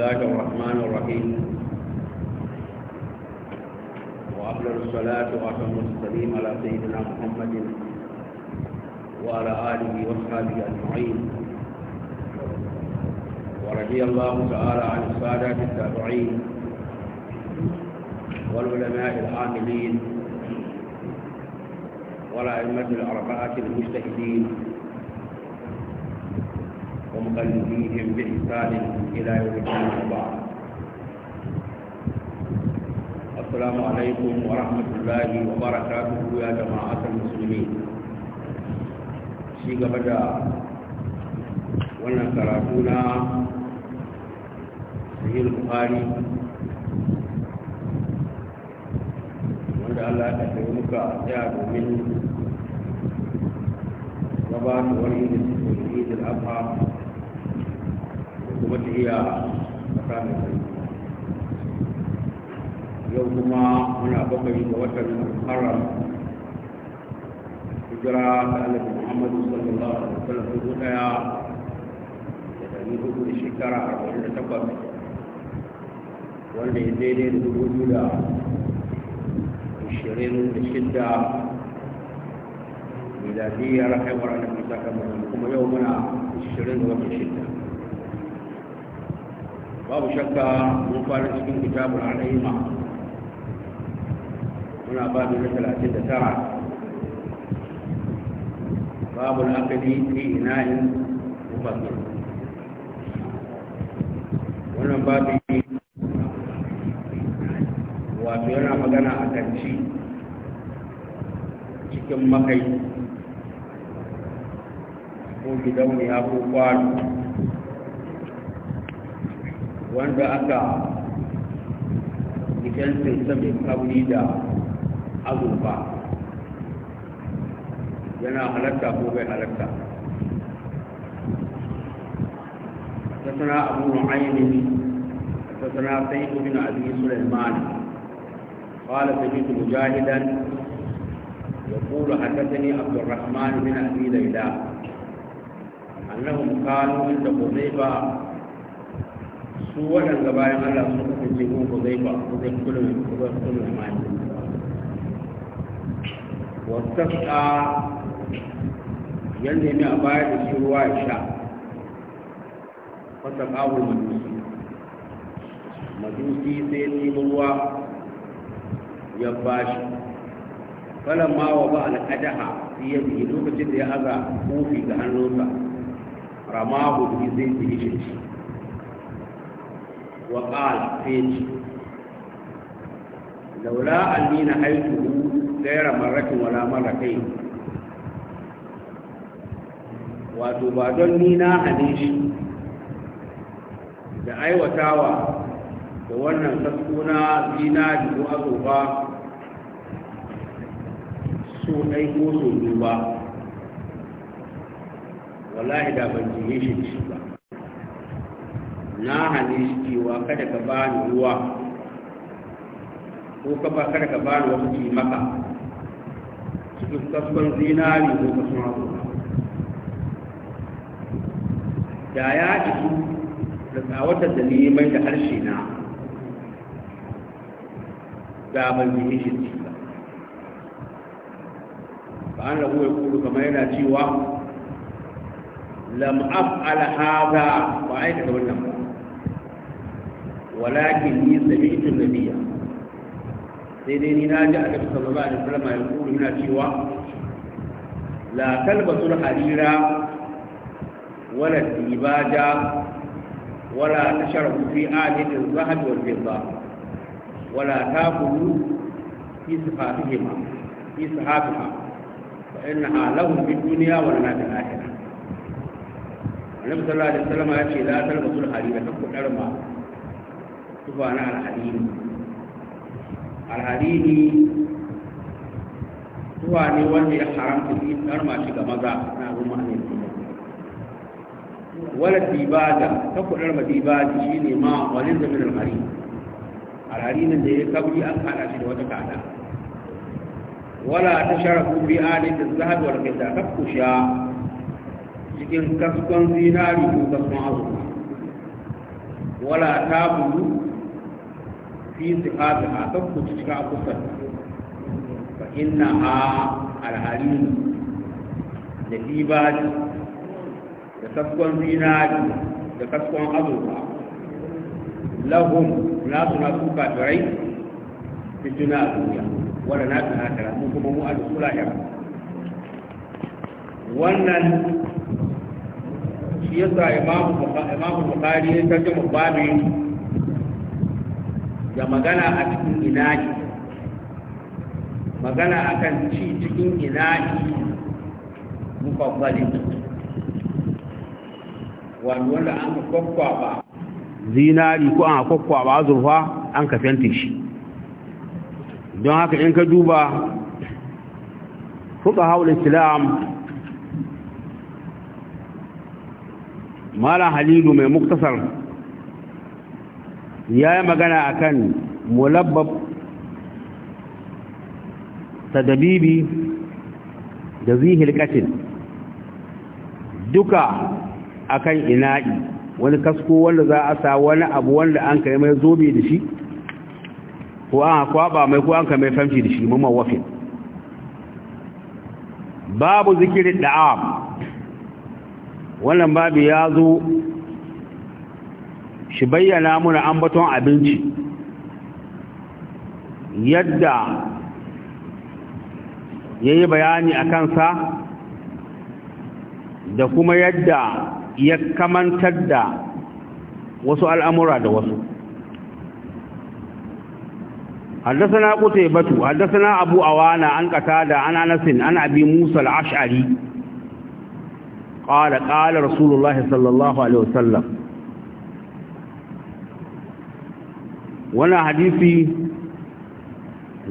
الله الرحمن الرحيم وأفضل الصلاة وأتم السليم على سيدنا محمد وعلى آله وصحبه أجمعين ورضي الله تعالى عن السادة التابعين والعلماء العاملين والأئمة الأربعة المجتهدين مقلديهم بإحسان إلى يوم الدين وبعد السلام عليكم ورحمة الله وبركاته يا جماعة المسلمين شيخ بدأ wannan karatuna, na sahih bukhari wanda Allah ya tafi muka ya domin gabatowar da suke yi da kuma ta iya tsakanin sai yau kuma muna bakwai ga watan haram hijira ta alaƙa muhammadu sallallahu alaihi wasallam dubu ɗaya da ɗari hudu da shekara arba'in da takwas wanda ya daidai da dubu biyu da ashirin da shidda miladiyar haihuwar annabi ta kamar kuma yau muna ashirin da wata shidda babu shakka mun fara cikin kitabul alaima muna babu na talatin da tara babu al'akadi fi ina'in mufasir wannan babu wato yana magana a kanci cikin makai ko gidauniya ko kwano wanda aka gidan sai saboda kauri da azurfa yana halatta ko bai halatta حدثنا أبو نعيم حدثنا سيد بن أبي سليمان قال سمعت مجاهدا يقول حدثني عبد الرحمن بن أبي ليلى أنهم كانوا عند حذيفة su waɗanda bayan Allah sun kasance kuma ko zai ba ko zai kula mai ko zai kula mai mai wasafta yanda ne a bayar da shi ruwa ya sha wata ƙawul majusi majusi sai nemi ruwa ya bashi Kalan ma wa ba alƙadaha ya yadda lokacin da ya aza kofi ga hannunsa ramahu bi zai fi shi wa ƙal feci laula annina haitu gaira maratin wala maratai wato ba don ni na hane shi da aiwatawa da wannan sassuna zina da zuwa zoba so ɗai ko so ba wallahi da ban jiye shi ba na hane cewa kada ka bani ruwa ko ka ba kada ka bani wasu ci maka cikin kaskon zinari ko kaskon abu da ya isu da tsawatar da neman da harshe na da ban yi mishin ci ba ba an rabu ya kuru kamar yana cewa lam af'al hadha ba aikata wannan ba ولكن هي سمعت النبي سيدنا ناجي النبي صلى الله عليه وسلم يقول هنا شيوا لا كلبة الحريرة ولا الديباجة ولا تشرب في آلة الذهب والفضة ولا تاكل في سقاتهما في سحابها فإنها لهم في الدنيا ولنا في الآخرة النبي صلى الله عليه وسلم يقول لا تلبسوا الحريرة تكون حرمة tufa na alhadini alhadini tufa ne wanda ya haramta shi har shi ga maza na al'umma ne wala dibada ta kudar ma dibada shine ma walin da min alhari alharinin da ya kabri an kada shi da wata kada wala ta sharafu bi alin da zahabi wal kaita ta kusha cikin kaskon zinari ko kaskon azurfa wala ta bulu fi sifati a kan ku cikin akusar fa inna a alhalin da dibali da kaskon zinari da kaskon azurfa lahum nasu na su kafirai fi juna a duniya wadda na mu kuma mu a da sula yara wannan shi yasa imamu bukari ya da magana a cikin ina'i magana akan ci cikin ina'i mukwabbalin wani wanda an ka kwakwaba zinari ko an kwakwaba azurfa an ka fenti shi don haka in ka duba fuka haula islam mala halilu mai muktasar ya yi magana a kan ta dabibi da zihil katin duka akan ina'i wani kasko wanda za a sa wani abu wanda an kai mai zobe da shi ko an kwaba mai ko an ka mai famshi da shi mamma wafin babu zikirin da'am wannan babu ya zo ki bayyana muna baton abinci yadda ya yi bayani a kansa da kuma yadda ya kamantar da wasu al’amura da wasu haddasana kusa batu na abu awana an kata da ananasin an abi musa al’ash'ari Ƙala ƙalar rasulullah sallallahu alaihi wasallam wannan hadisi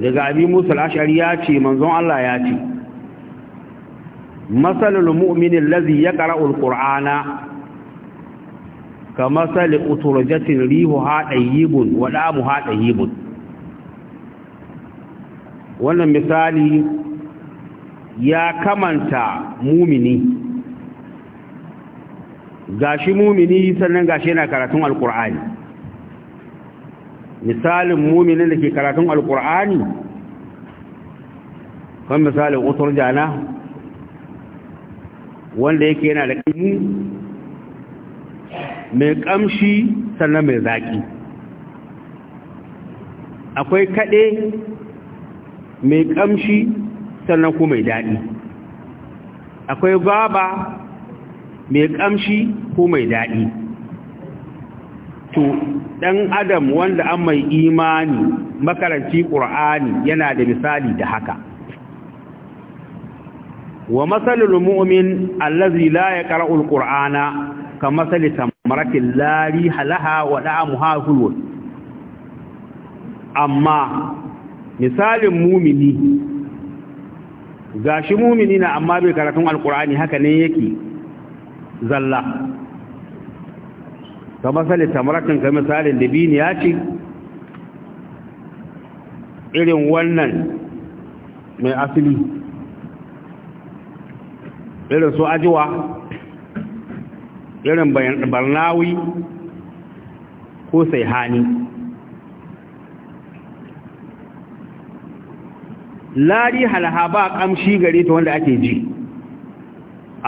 daga abi musa al'ashari ya ce manzon Allah ya ce masalul mu'minin lazi ya ƙara'ul ƙur'ana ka masali uturjatin rihu haɗayyibun waɗa mu haɗayyibun wannan misali ya kamanta mumini gashi mumini sannan gashi yana karatun alƙur'ani misalin muminin da ke karatun alkur'ani kan misalin utur jana wanda yake yana da ƙimu mai ƙamshi sannan mai zaƙi akwai kaɗe mai ƙamshi sannan kuma mai daɗi akwai gaba mai ƙamshi ko mai daɗi wato ɗan adam wanda an mai imani makaranci ƙur'ani yana da misali da haka wa matsalin mu'min allazi la ya ƙara'ul ƙur'ana ka matsali tamarakin lari halaha wa ɗa'amu hasulun amma misalin mumini gashi mumini na amma bai karatun alƙur'ani haka ne yake zalla ka masali tamratin ka misalin da bini ya ce irin wannan mai asili irin su ajiwa irin barnawi ko sai hani lari halaha ba kamshi gare ta wanda ake ji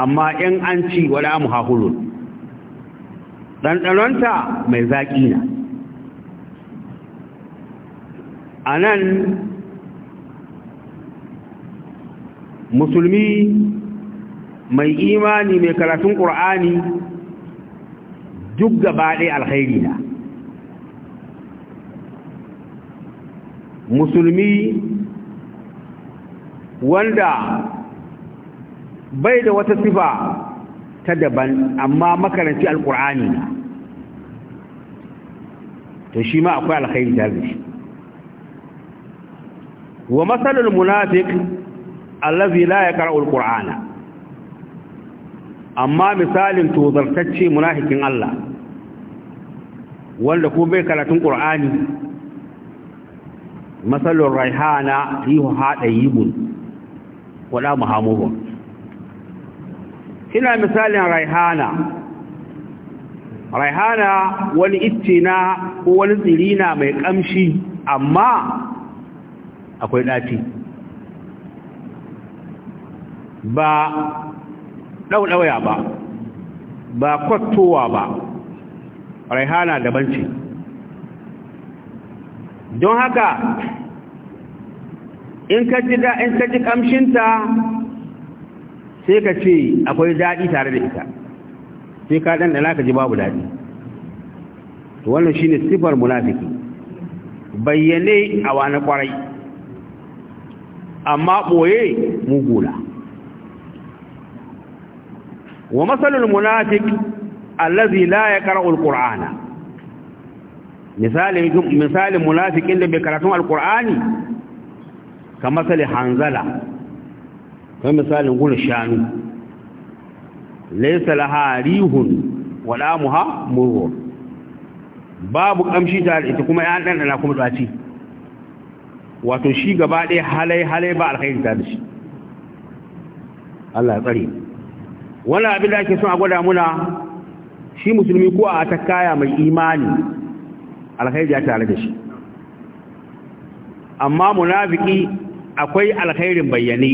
amma 'yan an ci wala muhahulun ɗanɗanonta mai zaƙi na a nan musulmi mai imani mai karatun ƙur'ani duk gaba ɗaya alhairi na musulmi wanda bai da wata sifa ta daban amma makaranci alkur'ani ne to shi ma akwai alkhairi da shi wa masalul munafiq allazi la yaqra'u alqur'ana amma misalin tozartacce munafikin Allah wanda ko bai karatun ƙur'ani masalul raihana yuha dayibun wala muhammudun ina misalin raihana raihana wani ice na ko wani tsiri na mai kamshi amma akwai ɗaci ba ɗauɗauya ba ba kwattowa ba raihana daban ce don haka in ka ji kamshinta sai ka ce akwai daɗi tare da ita sai ka ɗan ɗana ka ji babu daɗi wannan shi ne siffar munafiki bayyane a wani ƙwarai amma ɓoye mugula wa matsalin munafik allazi la ya ƙara'ul ƙura'ana misalin munafikin da bai karatun Alƙur'ani? ka matsalin hanzala kai misalin gulu shanu laysa laha rihun wala muha murwa babu kamshi ta ita kuma ya dan dana kuma tsaci wato shi gaba ɗaya halai halai ba alkhairi ta da shi Allah ya tsare Wani abin da ake son a gwada muna shi musulmi ko a ta kaya mai imani alkhairi ya tare da shi amma munafiki akwai alkhairin bayyane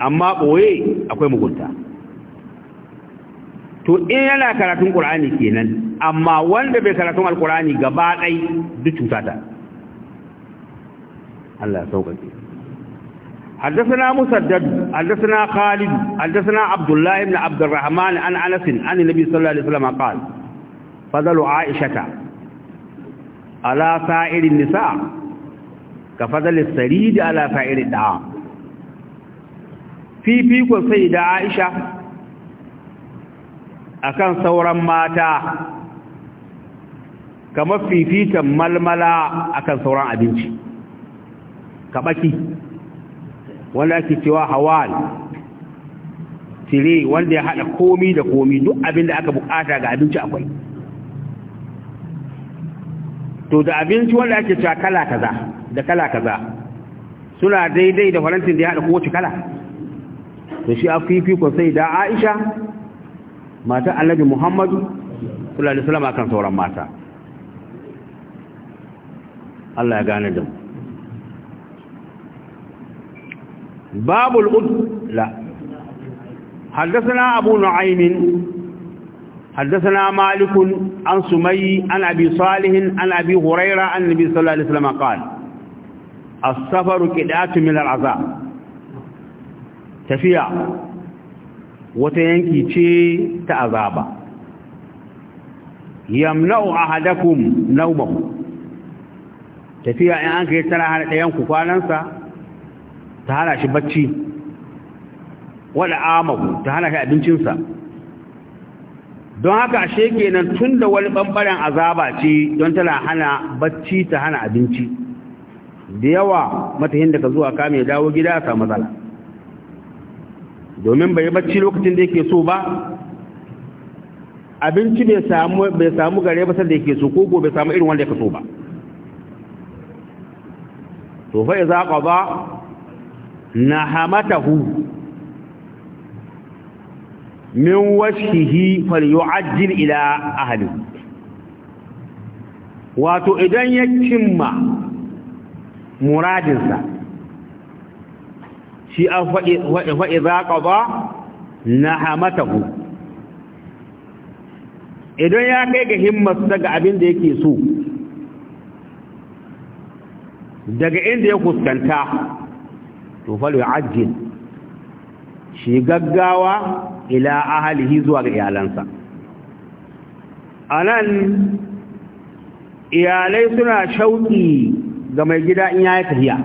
amma ɓoye akwai mugunta to in yana karatun ƙur'ani kenan amma wanda bai karatun alƙur'ani gaba ɗai duk cuta ta Allah sauƙaƙe حدثنا مسدد حدثنا خالد حدثنا عبد الله بن عبد الرحمن عن انس عن النبي صلى الله عليه وسلم قال فضل عائشه على سائر النساء كفضل السريد على سائر الدعام fifikon sai da aisha akan sauran mata kamar fifikan malmala akan sauran abinci kabaki wanda ake cewa hawal tire wanda ya hada komi da komi duk abin da aka bukata ga abinci akwai to da abinci wanda ake cewa kala kaza da kala kaza suna daidai da farantin da ya hada kowace kala to shi afi fi ko sai da الله mata Annabi Muhammad sallallahu alaihi wasallam akan sauran mata Allah ya gane da باب الأد لا حدثنا أبو نعيم حدثنا مالك عن سمي عن أبي صالح عن أبي هريرة عن النبي صلى الله عليه وسلم قال السفر كدات من العذاب tafiya wata yanki ce ta azaba yamna'u ahadakum nawmahu tafiya in an kai tara har ɗayan ku kwanansa ta hana shi bacci wala amahu ta hana shi abincinsa don haka ashe kenan tun da wani bambaren azaba ce don tana hana bacci ta hana abinci da yawa matahin da ka zuwa kame dawo gida ta matsala domin bai bacci lokacin da yake so ba abinci bai samu bai samu gare ba sanda yake so ko ko bai samu irin wanda yake so ba to fa iza qada nahamatahu min washihi falyu'ajjil ila ahlihi wato idan ya cimma muradinsa shi an faɗi zaƙa ba na hamatahu idan ya kai ga himmarsa ga abin da yake so daga inda ya kuskanta to falo ya shi gaggawa ila ahalihi zuwa ga iyalansa anan iyalai suna shauƙi ga mai gida in ya yi tafiya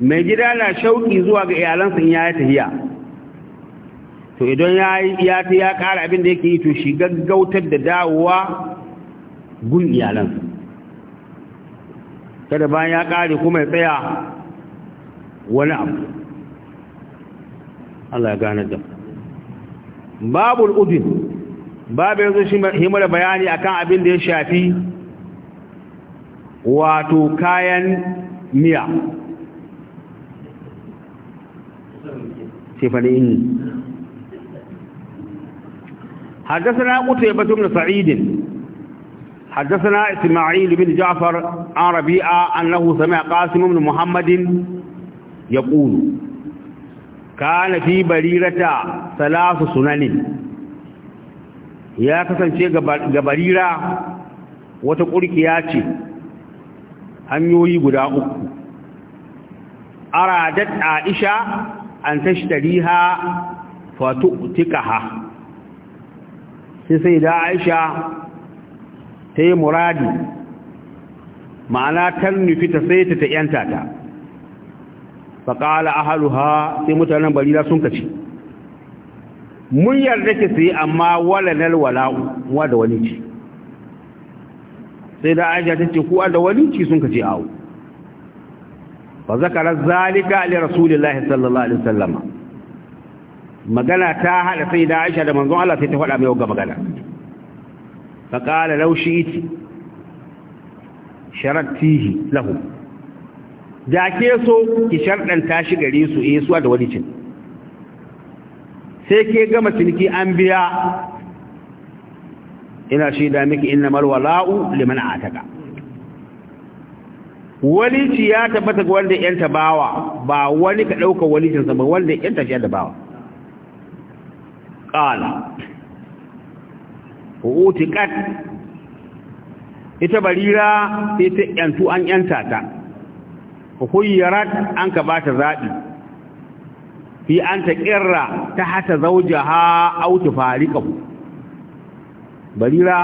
mai gida na shauki zuwa ga iyalansa in ya yi tahiya to idan ya ya ta ya kara abin da yake yi to shi gaggautar da dawowa gun iyalansa kada bayan ya ƙare kuma ya tsaya wani abu Allah ya gane da babul udin babu yanzu shi himar bayani akan abin da ya shafi wato kayan miya ke fane in yi haddasa na sa'idin haddasa na isma'i lubin jafar an rabi'a an lahu sami a muhammadin ya kulu ka na fi bari rata salasu sunanin ya kasance ga bari wata kurki ce hanyoyi guda uku ara dadda aisha an tashtariha fa tu'tikaha sai sai da Aisha ta yi muradi ma'ana kan nufi ta sai ta ta'yanta ta faƙala ha sai mutanen barira sun kaci mun yarda ke sai amma wala nalwala'u wa da wani ce sai da aisha ta ce kuwa da wani ci sun kace awo fa ذلك لرسول الله صلى sallallahu alaihi وسلم magana ta hada sai da Aisha da الله Allah sai ta faɗa فقال لو شئت fa له جاكي سو كي شرطن da ke so ki sharɗanta shi gare su eh suwa da wani cin sai ke gama ciniki an biya ina shaida miki inna wala'u liman ataka waliji ya tabbata ga wanda yanta bawa ba wani ka dauka sa ba wanda yanta shi da bawa qala utiqat ita barira ita yantu an yanta ta khuyyarat an ka bata zabi fi an ta kirra ta hata zaujaha au tufariqahu barira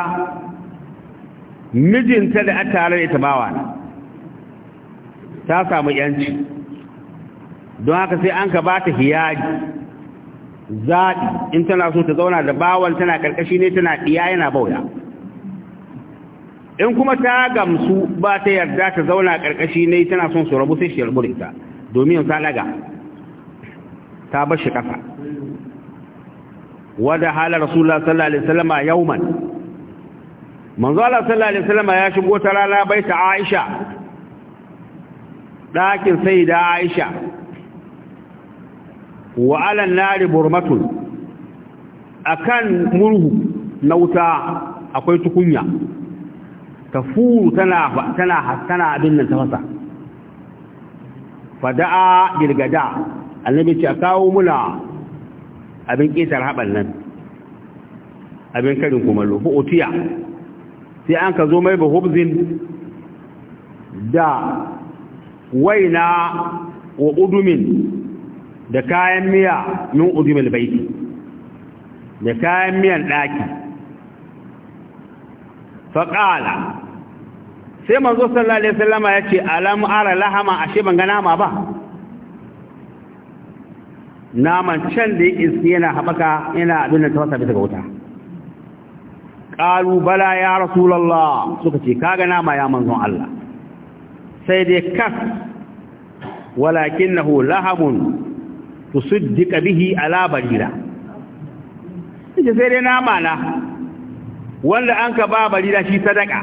mijinta da ta tare da ita bawa na ta samu yanci don haka sai an ka ba ta hiyaji zaɗi in tana so ta zauna da bawan tana karkashi ne tana ɗiya yana bauya in kuma ta gamsu ba ta yarda ta zauna karkashi ne tana son su rabu sai shi rabu da ita domin ta laga ta bar shi ƙasa. wada hala rasulullah sallallahu alaihi wasallam yauman manzo Allah sallallahu alaihi wasallam ya shigo ta rana ta Aisha ɗakin sai da aisha wa alan nari akan murhu na wuta akwai tukunya Kafu tana tana tana abin nan fasa fada'a girgada annabi ce a kawo mula abin ƙetar haɓan nan abin karin kumallo hu'utiya sai an ka zo mai ba hubzin da waina wa udumin da kayan miya min udumin baiti da kayan miyan ɗaki faƙala sai manzo sallallahu alaihi wasallam ya ce alam ara lahama ashe ban ga nama ba naman can da yake yana habaka yana abin da wasa bisa ga wuta qalu bala ya rasulullah suka ce kaga nama ya manzon Allah sai dai kaf walakinahu lahamun tusiddiqa bihi ala barira ita sai dai nama na wanda an ka ba barira shi sadaka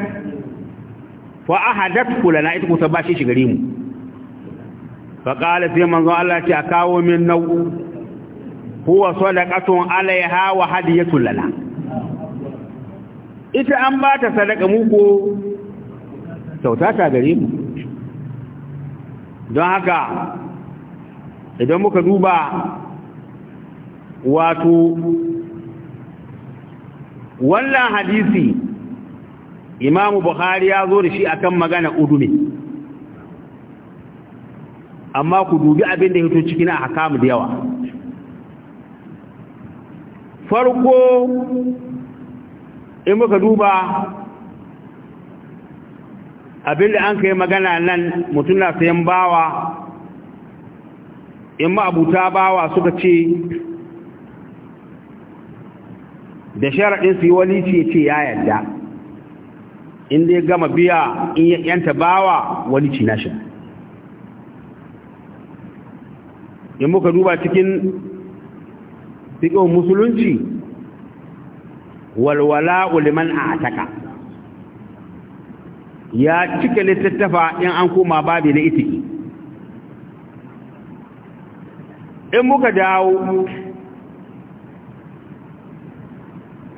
fa ahadat kulana ita kusa ba shi shi gare mu fa qala sai manzo Allah ce kawo min nau huwa sadaqatun alaiha wa hadiyatun lana ita an ba ta sadaka mu ko gare mu don haka idan muka duba wato wannan hadisi imamu buhari ya zo da shi akan magana udu ne amma ku dubi abin da hito cikin hakamu da yawa farko in muka duba abin da an kai magana nan mutum na sayan bawa in ma'abuta bawa suka ce da sharaɗin su yi wani ce ce ya yadda inda ya gama biya in yanta bawa wani ce nashi in muka duba cikin fiƙon musulunci walwala uliman a ataka ya cika littattafa in an koma babi na itiki in muka dawo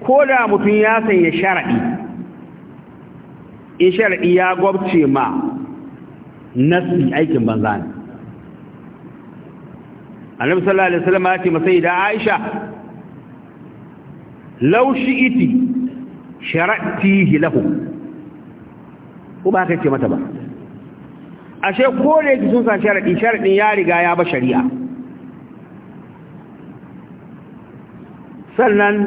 ko da mutum ya sanya shara'i in shara'i ya gwabce ma nasi aikin banza ne annabi sallallahu alaihi wasallam ya ce masai da Aisha law shi'iti sharatihi lahum ko ba ka ce mata ba ashe ko ne ki sun san sharadi sharadin ya riga ya ba shari'a sannan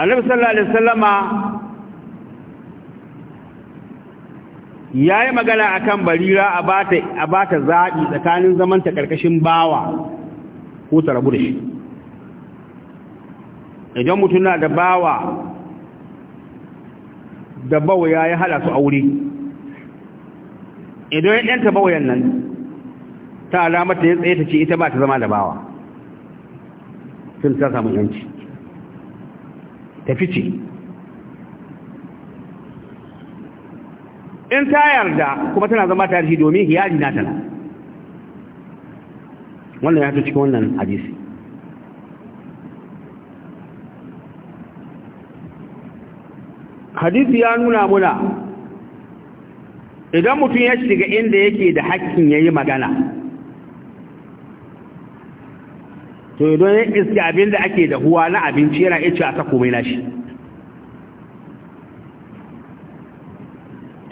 annabi sallallahu alaihi wasallama yayi magana akan barira a bata a bata zabi tsakanin zaman ta karkashin bawa ko ta da shi idan mutum na da bawa da bawaya ya hada su aure idan ya ɗanta bawayan nan ta alamata ya tsaye ta ce ita ba ta zama da bawa sun ta samu yanci ta fice in ta yarda kuma tana zama ta yarshi domin hiyari na tana wannan ya ta cikin wannan hadisi hadisi ya nuna muna idan mutum ya shiga inda yake da hakkin ya yi magana to idan ya iske abin da ake da huwa na abinci yana iya ce a komai na shi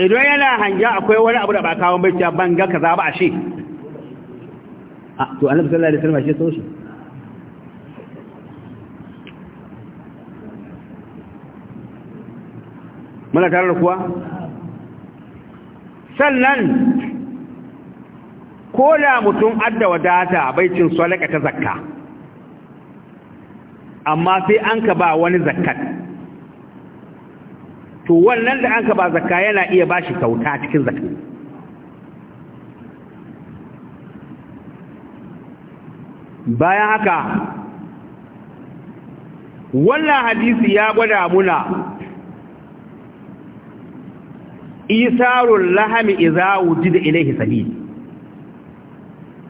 idan yana hanja akwai wani abu da ba kawon bai ban ga ka ba a shi ah, to annabi sallari alaihi wasallam shi so shi muna tare da kuwa sannan ko da mutum adda wadata bai cin sadaka ta zakka amma sai an ka ba wani zakkat to wannan da an ka ba zakka yana iya ba shi kauta cikin zakka bayan haka wannan hadisi ya gwada muna isarul lahami idza wujida Ilaihi, sabil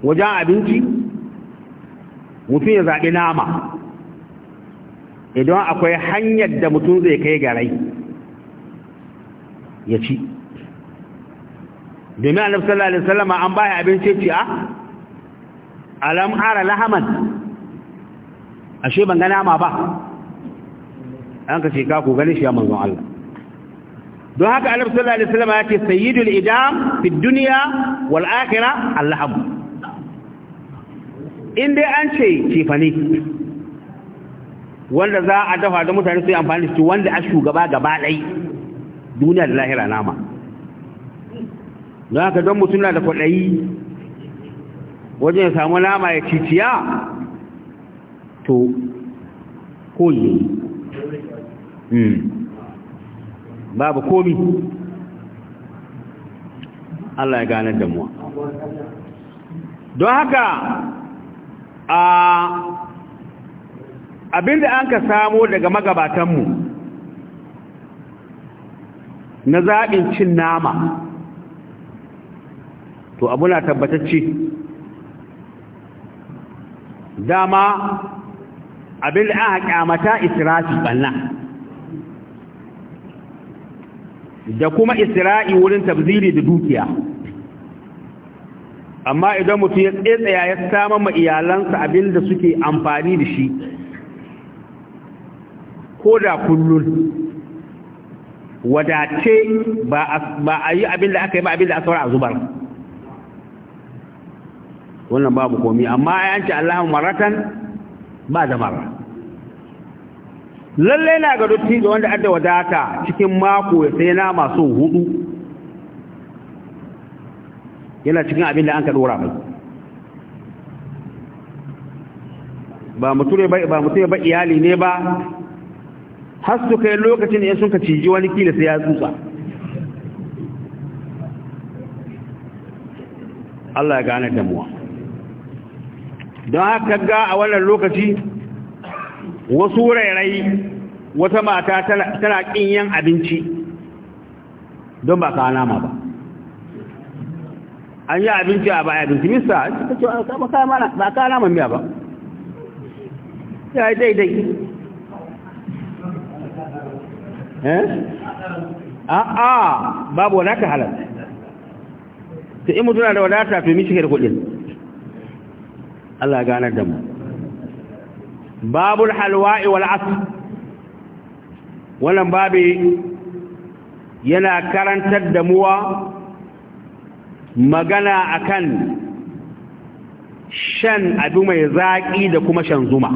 wajen abinci mutum ya zaɓi nama idan akwai hanyar da mutum zai kai garai ya ci domin a sallallahu alaihi salama an baya abinci ci a ah, alam ara lahaman ashe ban gana ma ba an ka ce ka ku gani shi ya manzon Allah don haka annabi sallallahu alaihi wasallam yake sayyidul idam fi dunya wal akhirah allahab in dai an ce cefane wanda za a dafa da mutane su yi amfani da shi wanda a shugaba gaba ɗai duniya da lahira nama don haka don mutum na da kwaɗayi wajen ya samu nama ya ciciya to koyi hmm. babu komi Allah ya gane da mu don haka a abinda an ka samo daga magabatanmu na zaɓin cin nama to abu na tabbatacce dama abinda an haƙamata israfi banna. da kuma isra'i wurin tabziri da dukiya amma idan mutum ya tsaya ya samar ma iyalansa abin da suke amfani da shi ko da kullun wadace ba a yi abin da aka yi ba abin da aka saura a zubar wannan babu komi amma ya yanci allahun maratan ba da mara lalle na ga da wanda adda wadata cikin mako ya sai nama so hudu yana cikin abin da an ka dora mai ba mutum ba ba mutum ba iyali ne ba har su kai lokacin da sun ka ciji wani kila sai ya tsutsa Allah ya gane damuwa don haka ga a wannan lokaci wasu rairai wata mata tana ƙin yan abinci don ba kawo nama ba an yi abinci a baya abinci mista ah, ba kawo nama miya ba ya yi daidai eh? a babu wadata halar ta imu tuna da wadata to mishi da kudin Allah ganar da mu babul halwa'i wal asr wannan babi yana karantar da muwa magana akan shan abu mai zaƙi da kuma shan zuma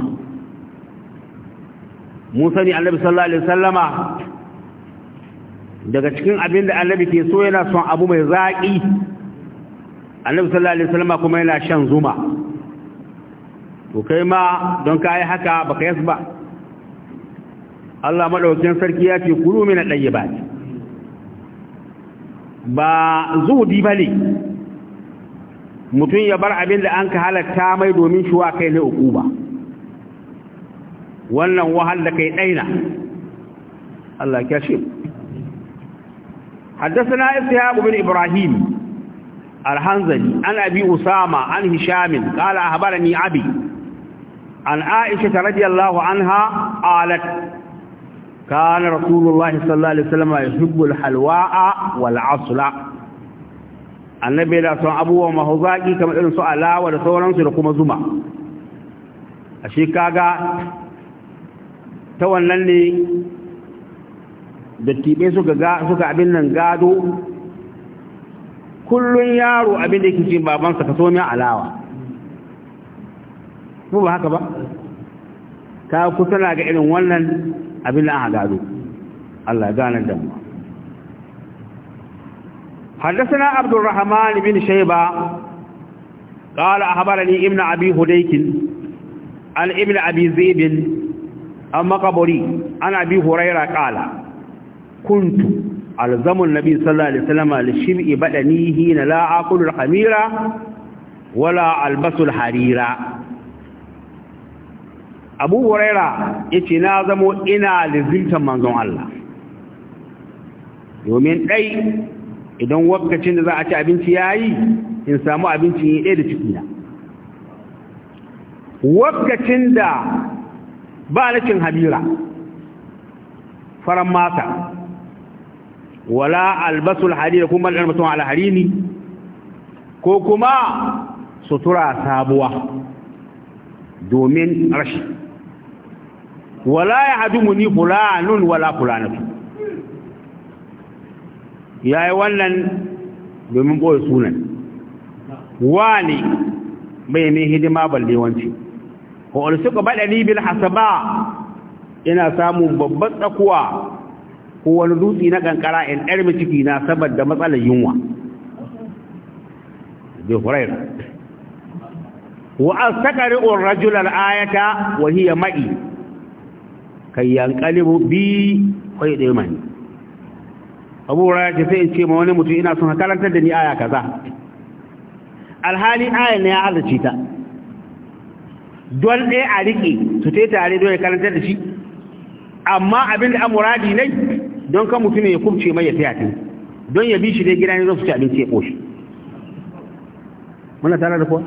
mun sani annabi sallallahu alaihi wasallama daga cikin abin da annabi ke so yana son abu mai zaƙi annabi sallallahu alaihi wasallama kuma yana shan zuma to kai ma don ka yi haka ba ka yasu ba Allah maɗaukin sarki ya ce kuru mina ɗaye ba ba zuhudi ba ne mutum ya bar abin da an ka halatta mai domin shuwa kai na uku ba wannan wahal da kai ɗaina Allah ya ce حدثنا إسحاق بن إبراهيم الحنزلي عن أبي أسامة عن هشام قال أخبرني أبي an aisha radiyallahu anha alat kana rasulullahi sallallahu alaihi wasallam yuhibbu alhalwa'a wal asla annabi da son abubuwa mahuzaki kamar irin su alawa da sauransu da kuma zuma ashe kaga ta wannan ne da tibe suka ga suka abin nan gado kullum yaro abin da yake ce babansa ka so min alawa ko ba haka ba ta kusura ga irin wannan abin da aka gado Allah ya gane da mu حدثنا عبد الرحمن بن شيبة قال أخبرني ابن أبي هديك عن ابن أبي زيد عن مقبري عن أبي هريرة قال كنت ألزم النبي صلى الله عليه وسلم للشبع بدني حين لا أكل الخميرة ولا ألبس الحريرة abu huraira ya ce na zamo ina lizimtar manzon Allah domin ɗai idan wakacin da za a ci abinci ya yi in samu abinci yi ɗaya da cikina wakacin da ba na cin habira faran mata wala albasul hariri kuma albasul alharini ko kuma sutura sabuwa domin rashin wala ya hadumu ni fulanun wala fulanatu ya yi wannan domin ɓoye sunan wani bai ne hidima balle wanci wa suka baɗa ni bil hasaba ina samun babban tsakuwa ko wani dutse na kankara in ɗarmi ciki na saboda matsalar yunwa bai hurairu wa an sakari un al ayata wa hiya ma'i kai yankalibu bi qayda mani Abu Hurairah ce sai in ce ma wani mutum ina son ka karantar da ni aya kaza alhali aya ne ya azace ta don ɗaya a riƙe su ta tare don ya karantar da shi amma abin da an muradi ne don kan mutum ya kubce mai ya taya ta don ya bi shi dai gida ne zan su ci abinci ya ƙoshi muna tare da kuwa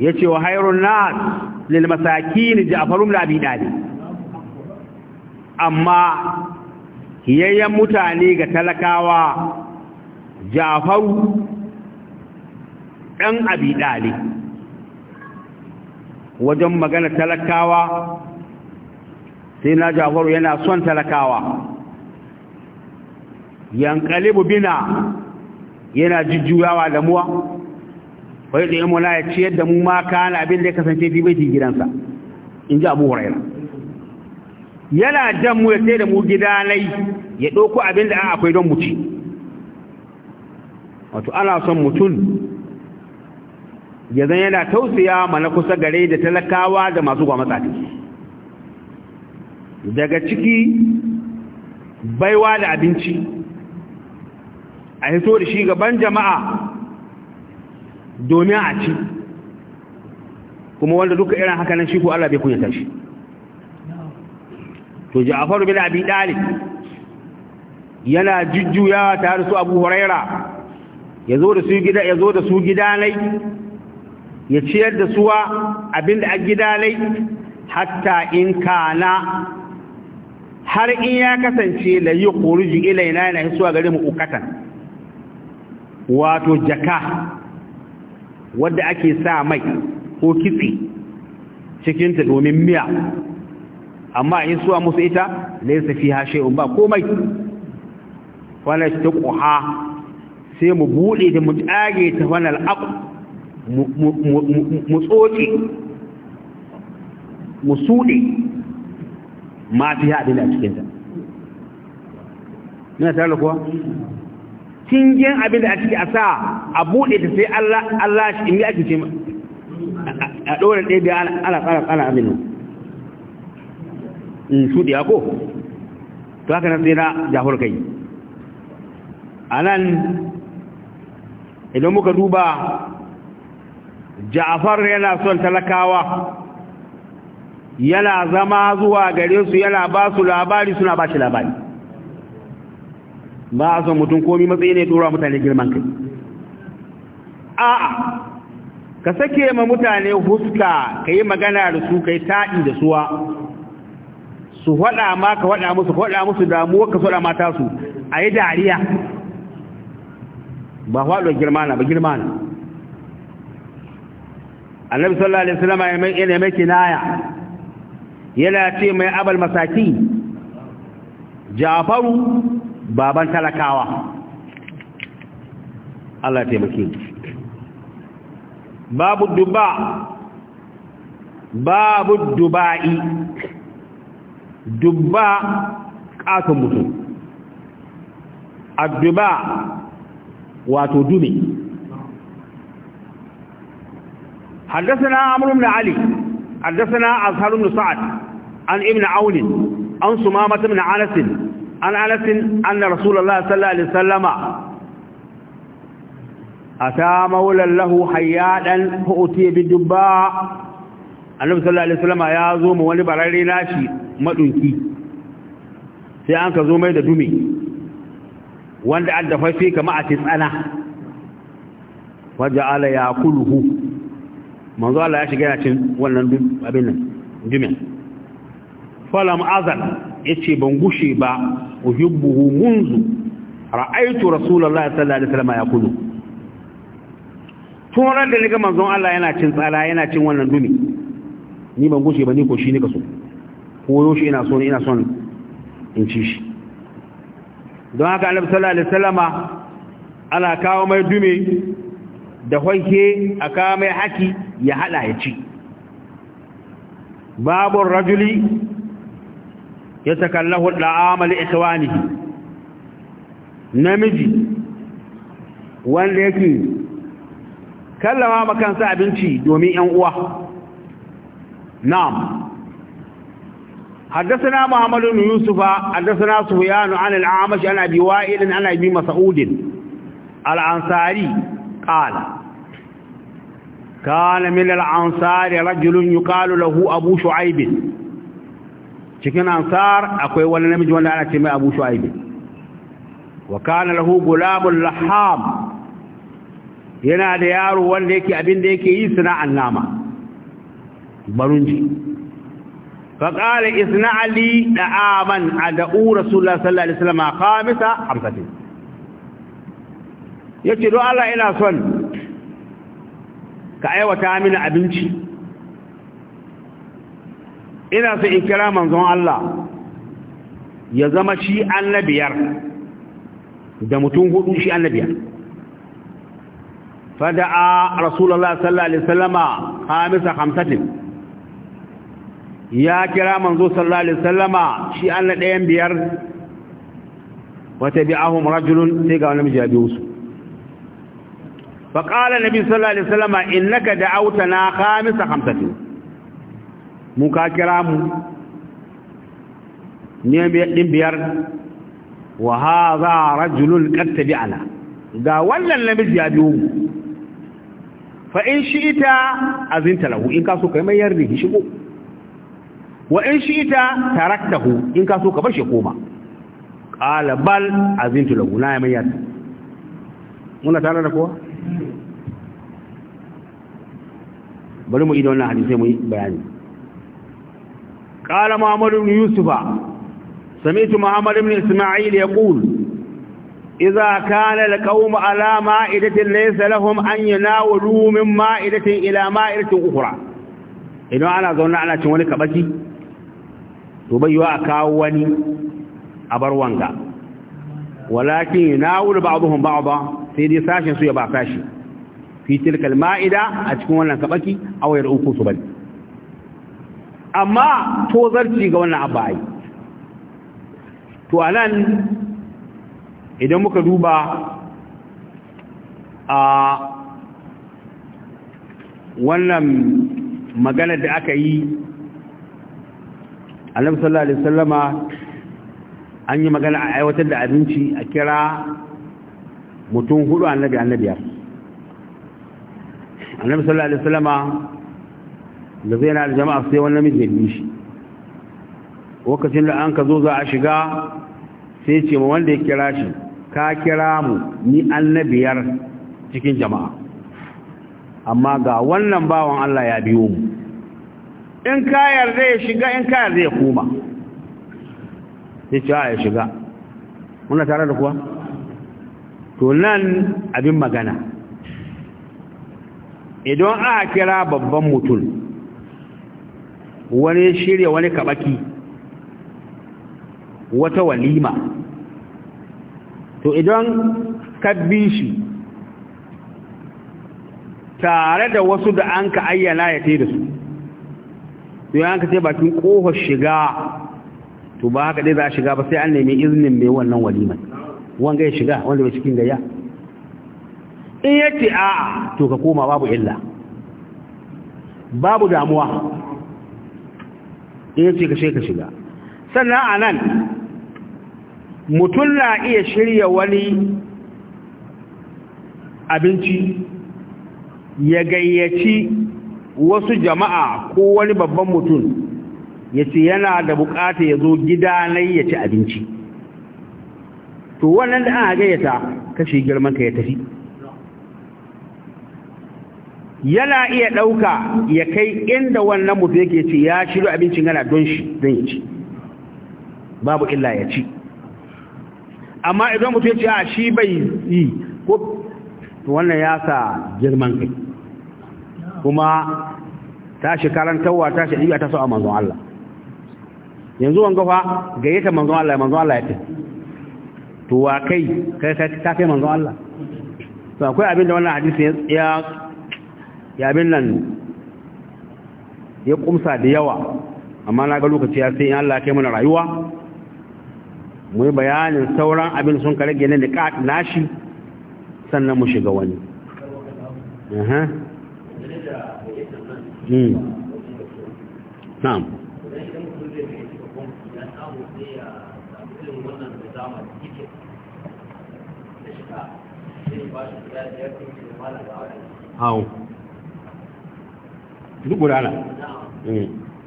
ya ce wa hairun nas lil masakin Ja'far ibn Abi amma yayyan mutane ga talakawa Ja'far dan Abi wajen magana talakawa sai na Ja'far yana son talakawa yankalibu bina yana jujjuyawa da muwa wai da yamma ya ciyar da mu ma kana abin da ya kasance fi baitin gidansa in ji abu huraira yana jan mu ya sai da mu gida gidanai ya ɗauko abin da akwai don mu wato ana son mutum ya zan yana tausaya mana kusa gare da talakawa da masu gwamnati daga ciki baiwa da abinci a hito da shi gaban jama'a domin a ci kuma wanda duka irin haka nan shi ko Allah bai kunyata shi to Ja'far bin Abi Talib yana jujjuyawa tare su Abu Huraira yazo da su gida yazo da su gidanai ya ciyar da suwa abinda a gidanai hatta in kana har in ya kasance la yukhruju ilaina yana hisuwa gare mu ukatan wato jaka wadda ake sa mai ko kitse cikinta domin miya amma in suwa musu ita laisa fiha shay'un ba komai wala taqwa sai mu buɗe da mu tsage ta wala al'ab mu tsoce mu sude ma fiha adina cikinta ina tare kuwa kingin abin da a ciki a sa a buɗe ta sai Allah shi inda ake ce a ɗora ɗaya da ala tsara ala abin In in mm, shuɗiya ko to haka nan sai na jahur kai a nan idan muka duba ja'afar yana son talakawa yana zama zuwa gare su yana ba su labari suna ba shi labari ba a son mutum komi matsayi ne tura mutane girman kai a'a ka sake ma mutane huska ka yi magana da su ka yi taɗi da suwa su faɗa ma ka faɗa musu faɗa musu damuwa ka faɗa mata su a yi dariya ba faɗo girma na ba girma na annabi sallallahu alaihi wasallam ya mai yana mai kinaya yana ce mai abal masaki jafaru baban talakawa Allah taimake babu duba babu duba'i dubba katon mutum adduba wato dume حدثنا عمرو بن علي حدثنا أزهر بن سعد عن ابن عون عن سمامة بن عنس an anasin anna rasulullah sallallahu alaihi wasallama ata maulan lahu hayyadan fa utiya bi dubba annabi sallallahu alaihi wasallama ya zo mu wani bararre nashi madunki sai an ka zo mai da dumi wanda an dafa fi kama a tsana ya yakuluhu manzo Allah ya shiga yana cin wannan abin nan dumin falam azal yace ban gushe ba uhibbuhu munzu ra'aytu rasulullahi sallallahu alaihi wasallam kudu. tun ran da niga manzon Allah yana cin tsala yana cin wannan dumi ni ban gushe ba ni ko shi ne kaso koyo shi ina so ina son in ci shi don haka annabi sallallahu alaihi wasallam ana kawo mai dume da hoike a kawo mai haki ya hada ya ci babu rajuli ya takallahu da'ama li ikhwanihi namiji wanda yake kallama makansa abinci domin yan uwa na'am حدثنا محمد بن يوسف حدثنا سفيان عن الأعمش عن أبي وائل عن أبي مسعود الأنصاري قال كان من الأنصار رجل يقال له أبو شعيب cikin ansar akwai wani namiji wanda ana ce mai abu shu'aibi wa kana lahu gulamul laham yana da yaro wanda yake abin da yake yi sana'an nama barunji fa qala isna ali da aman u rasulullah sallallahu alaihi wasallam khamisa hamsatin yace do Allah ina son ka aiwata mini abinci ina sai in kira manzon Allah ya zama shi annabiyar da mutum hudu shi annabiyar fada'a rasulullah sallallahu alaihi wasallama hamisa hamsatin ya kira manzo sallallahu alaihi wasallama shi Allah ɗayan biyar wata bi'ahum rajulun sai ga wani miji ya biyo su فقال النبي صلى in عليه da إنك دعوتنا خامس خمسة mu ka kira mu ne ɗin biyar wa haza rajulun ƙattabi ana ga wannan namiji ya biyo mu fa in shi ita azinta lahu in ka so ka mai yarda ki shigo wa in shi ita taraktahu in ka so ka bar shi koma qala bal azintu lahu na mai yarda muna tare da kowa bari mu idan wannan hadisi mu bayani قال محمد بن يوسف سمعت محمد بن إسماعيل يقول إذا كان القوم على مائدة ليس لهم أن يناولوا من مائدة إلى مائدة أخرى إنه أنا ظن أنا تولي كبتي تبيوا أكاوني أبروانك ولكن يناول بعضهم بعضا سيدي ساشن سوى بعض ساشن في تلك المائدة أتكون لنكبتي أو يرؤوكو سبلي amma to zarci ga wannan abai to anan idan muka duba a wannan magana da aka yi annabi sallallahu alaihi wasallama an yi magana a aiwatar da abinci a kira mutum hudu annabi annabiya annabi sallallahu alaihi wasallama da zai na aljama'a sai wani namiji ya bi shi lokacin da an ka zo za a shiga sai ce ma wanda ya kira shi ka kira mu ni annabiyar cikin jama'a amma ga wannan bawan Allah ya biyo mu in ka yarda ya shiga in ka yarda ya koma sai ce ya shiga muna tare da kuwa to nan abin magana idan aka kira babban mutum wani shirya wani kabaki wata walima to idan ka shi tare da wasu da an ka ayyana ya te da su to an ka ce bakin kofar shiga to ba haka dai za a shiga ba sai an nemi izinin mai wannan walimar wanga ya shiga wanda bai cikin gayya in yace a'a to ka koma babu illa babu damuwa in ya ka sheka shiga sannan a nan mutum na iya shirya wani abinci ya gayyaci wasu jama'a ko wani babban mutum ya ce yana da bukata ya zo gida ya ci abinci to wannan da an gayyata kashi girman ka ya tafi yana iya ɗauka ya kai inda wannan mutu yake ce ya shiru abincin yana don shi don yaci ci babu illa ya ci amma idan mutu ya ce a shi bai yi ko wannan ya sa girman kai kuma tashi karantarwa tashi ɗiga ta so a manzon Allah yanzu wanga fa gayyata manzon Allah manzon Allah ya ce to wa kai kai ka kai manzon Allah to akwai abin da wannan hadisi ya ya nan ya kumsa da yawa amma na ga lokaci ya sai in Allah ya kai mana rayuwa mu bayanin sauran abin sun ka rage ne ka nashi sannan mu shiga wani hmm. na'am Oh. duk gudana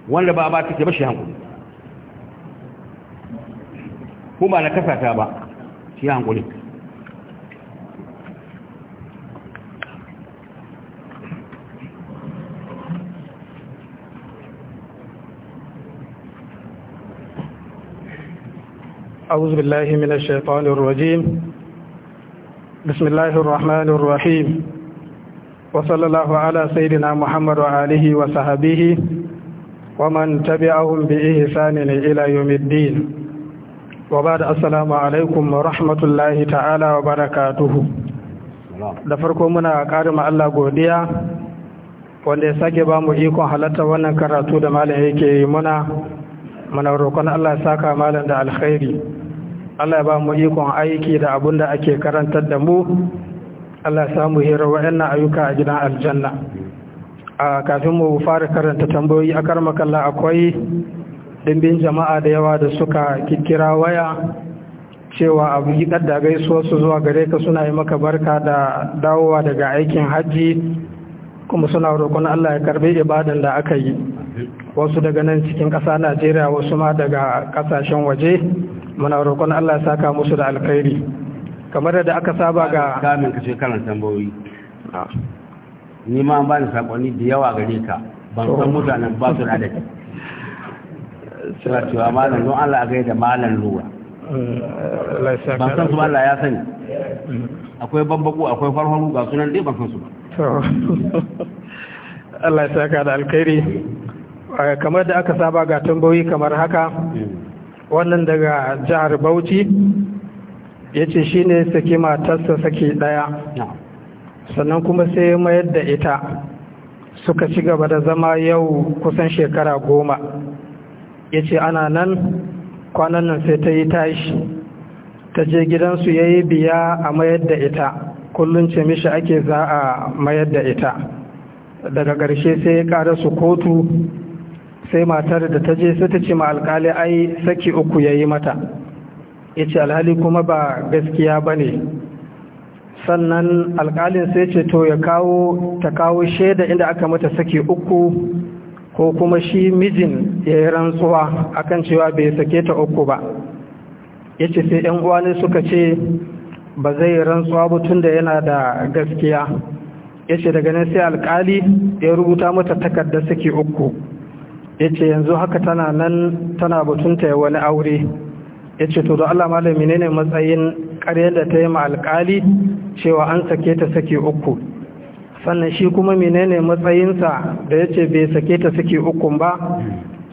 wanda ba a ba take bashi hankuli ko ba na kasata ba shi hankuli أعوذ بالله من الشيطان الرجيم بسم الله الرحمن الرحيم وصلى الله على سيدنا محمد وآله وصحبه ومن تبعهم بإحسان إلى يوم الدين وبعد السلام عليكم ورحمة الله تعالى وبركاته da farko muna ƙari Allah godiya wanda ya sake ba mu ikon halatta wannan karatu da malam yake yi muna muna roƙon Allah ya saka malam da alkhairi Allah ya ba mu ikon aiki da abun da ake karantar da mu Allah samu hira wa'annan ayyuka a gidan aljanna a kafin mu fara karanta tambayoyi a karmakalla akwai dimbin jama'a da yawa da suka kikkira waya cewa abu yi da gaisuwar su zuwa gare ka suna yi maka barka da dawowa daga aikin hajji kuma suna roƙon Allah ya karbe ibadan da aka yi wasu daga nan cikin ƙasa Najeriya wasu ma daga ƙasashen waje muna roƙon Allah ya saka musu da alkhairi kamar da aka saba ga kamin ka shekarar tambayoyi ah. ni ma ba ni sakonni da yawa gare ka ban san mutanen ba su da dake suna cewa malam don Allah a da malam lura eh, ban san su Allah ya sani mm. akwai bambako akwai farfaru ga sunan dai ban san su ba Allah ya saka da alkhairi ah, kamar da aka saba ga tambayoyi kamar haka mm. wannan daga jihar Bauchi ya ce shi ne saki matarsa saki ɗaya sannan kuma sai mayar da ita suka ci gaba da zama yau kusan shekara goma ya ce ana nan kwanan nan sai ta yi tashi ta je gidansu ya yi biya a mayar da ita kullum ce mishi ake za a mayar da ita daga ƙarshe sai ya ƙara su kotu sai matar da ta je sai ta ce ma alƙali ai saki uku ya yi mata ya ce alhali kuma ba gaskiya ba ne sannan alkalin sai ce to ya kawo ta kawo shaida inda aka mata sake uku ko kuma shi mijin ya yi rantsuwa akan cewa bai sake ta uku ba ya ce sai yan uwa ne suka ce ba zai yi rantsuwa ba tun da yana da gaskiya ya ce daga nan sai alkali ya rubuta mata takardar sake uku ya ce yanzu haka tana nan tana batunta ya wani aure ya ce to da Allah malami ne ne matsayin ƙaryar da ta yi ma alƙali cewa an sake ta sake uku sannan shi kuma menene matsayinsa da ya ce bai sake ta sake ukun ba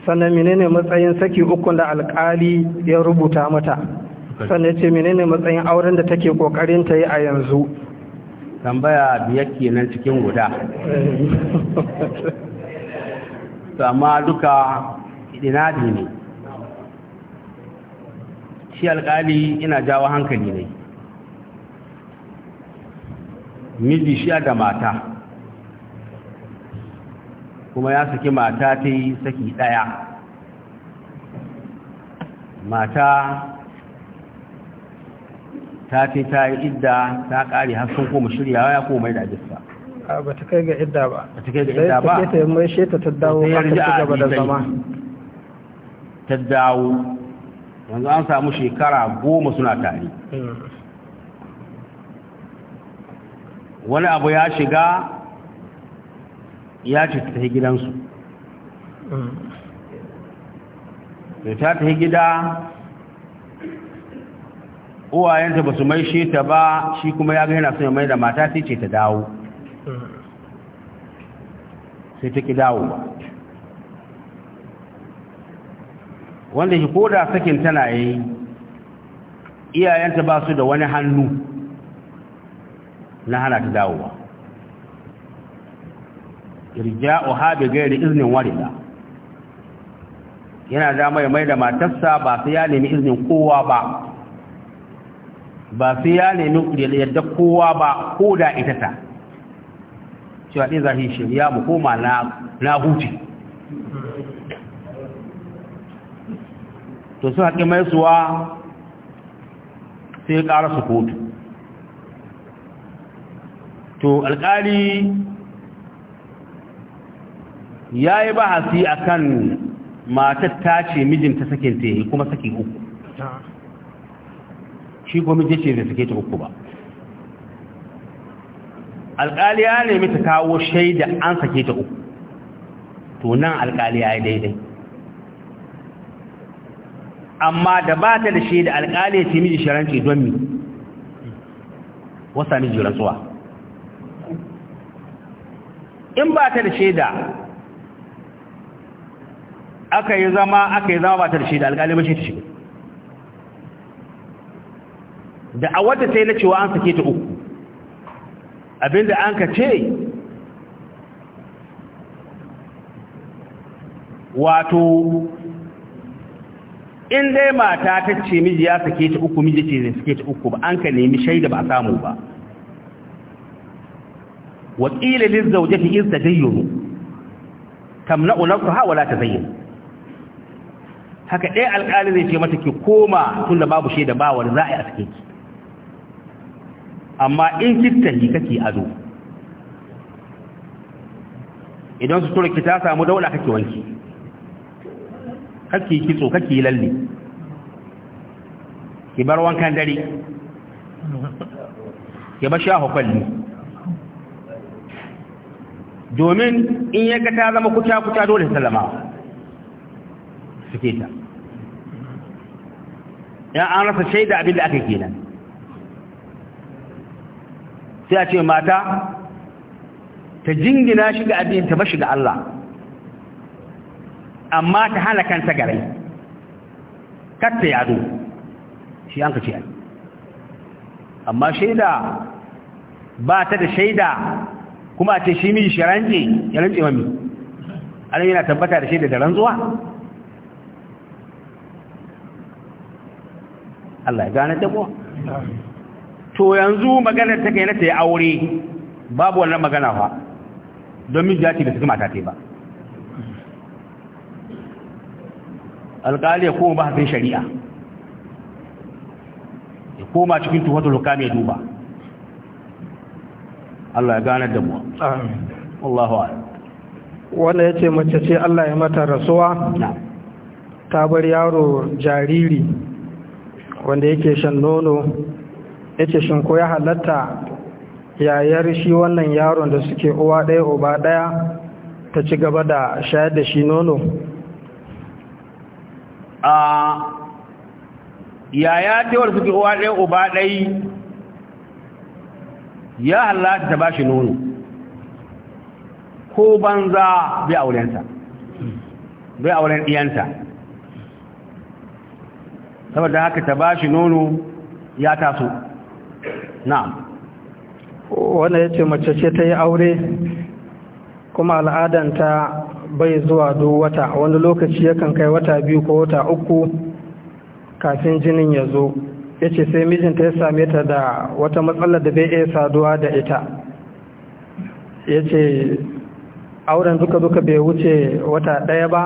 sannan menene matsayin sake uku da alƙali ya rubuta mata sannan ya ce menene matsayin auren da take ƙoƙarin ta yi a yanzu tambaya biyar kenan cikin guda amma duka ina ne shi alƙali ina jawo hankali ne miji shi da mata kuma ya saki mata ta yi saki ɗaya mata ta ce ta yi idda ta ƙari har sun koma shiryawa ya koma da ajista ba ta kai ga idda ba ba ta kai ga idda ba sai ta yi mai sheta ta dawo ta gaba da zama ta dawo yanzu an samu shekara goma suna tare wani abu ya shiga ya ce ta tafi gidansu da ta tafi gida uwayenta ba su mai shi ta ba shi kuma ya ga yana son mai da mata sai ce ta dawo sai ta ki dawo ba wanda shi ko da sakin tana yayi iyayenta ba su da wani hannu na hana ta dawowa ha bi ghairi iznin walida yana da mai mai da matarsa ba sai ya nemi iznin kowa ba ba sai ya nemi yadda kowa ba ko da ita ta cewa din zahi shirya mu koma na na huti to suna haƙi mai suwa sai ya ƙara su kotu to alƙali ya yi bahasi a kan matar ta ce mijinta sakin tehe kuma saki uku shi kuma mijin ce da sake ta uku ba alƙali ya nemi ta kawo shaida an sake ta uku to nan alƙali ya yi daidai amma da ba ta da shi da alƙali ya ce miji sharanci don mi wasa miji rantsuwa in ba ta da da aka yi zama aka yi zama ba ta da da alƙali mashi shi ta shi da a wata sai na cewa an sake ta uku abinda an ka ce wato in dai mata ta ce miji ya sake ta uku miji ce zai sake ta uku ba an ka nemi shaida ba samu ba wa qila lil zawjati in tadayyunu tamna'u nafsaha wa la zayyana. haka dai alƙali zai ce mata ki koma tunda babu shaida ba wani za a yi a sake ki amma in kittahi kake ado idan su tura ki ta samu daula kake wanki kake kitso kake lalle ki bar wankan dare ki bar sha hukwalli domin in yaga ta zama kuta-kuta dole salama suke ta ya an rasa shaida abin da aka kenan sai a ce mata ta jingina shiga abin ta bashi ga Allah amma ta halakanta garai katta yado shi an ka ce amma shaida ba ta da shaida kuma ce shi miji shi ya ranje mami anan yana tabbata da shaida da rantsuwa Allah ya gane dabo to yanzu maganar ta kai na ta yi aure babu wannan magana fa domin jati da suka mata ta ba alƙali ya koma mahaifin shari'a ya koma cikin tuhatul hukam ya duba Allah ya gane da mu Allah wallahu a'lam wanda mace ce Allah ya mata rasuwa ta bar yaro jariri wanda yake shan nono yace shin ko ya halatta yayar shi wannan yaron da suke uwa ɗaya uba ɗaya ta ci gaba da shayar da shi nono a yaya tewar suke uwa ɗaya uba ɗai ya halatta ta ba shi nono ko banza bai aurenta bai auren ɗiyanta saboda haka ta ba shi nono ya taso na'am wanda ya ce mace ce ta yi aure kuma al'adanta bai zuwa duk wata wani lokaci yakan kai wata biyu ko wata uku kafin jinin ya zo ya ce sai mijinta ya same ta da wata matsalar da bai iya saduwa da ita ya ce auren duka-duka bai wuce wata ɗaya ba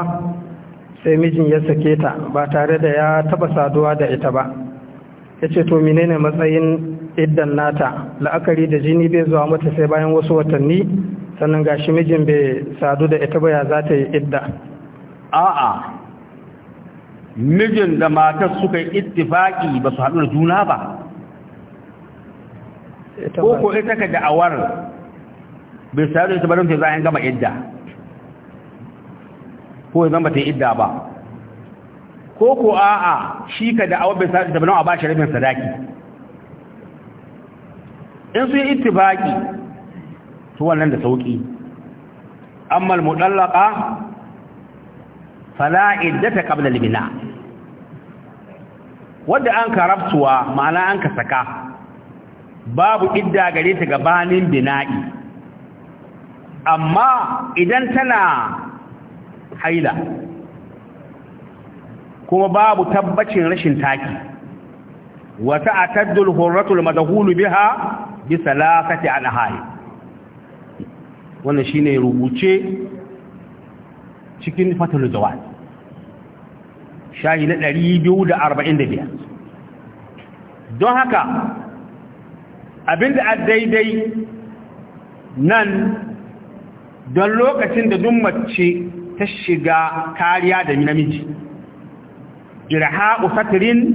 sai mijin ya sake ta ba tare da ya taba saduwa da ita ba ya ce to menene matsayin iddan nata la'akari da jini bai zuwa mata sai bayan wasu watanni sannan ga shi mijin bai sadu da ita baya za ta yi idda a'a mijin da matar suka yi ittifaki ba su haɗu da juna ba ko ko ita ka da'awar bai sadu da ita ba don ta za gama idda ko ya zama ta yi idda ba ko ko a'a shi ka da'awar bai sadu da ita ba don a ba shi rabin sadaki in su yi ittifaki su nan da sauƙi. ammal al-mudallaqa fala qabla al-bina wanda an karabtuwa ma'ana an ka saka babu idda gare ta gabanin bina'i amma idan tana haila kuma babu tabbacin rashin taki wata ataddul hurratul madhulu biha bi salasati anhari wannan shi shine rubuce cikin fatul zawad shayi na 245 don haka abinda a daidai nan don lokacin da dun mace ta shiga kariya da namiji irha'u fatirin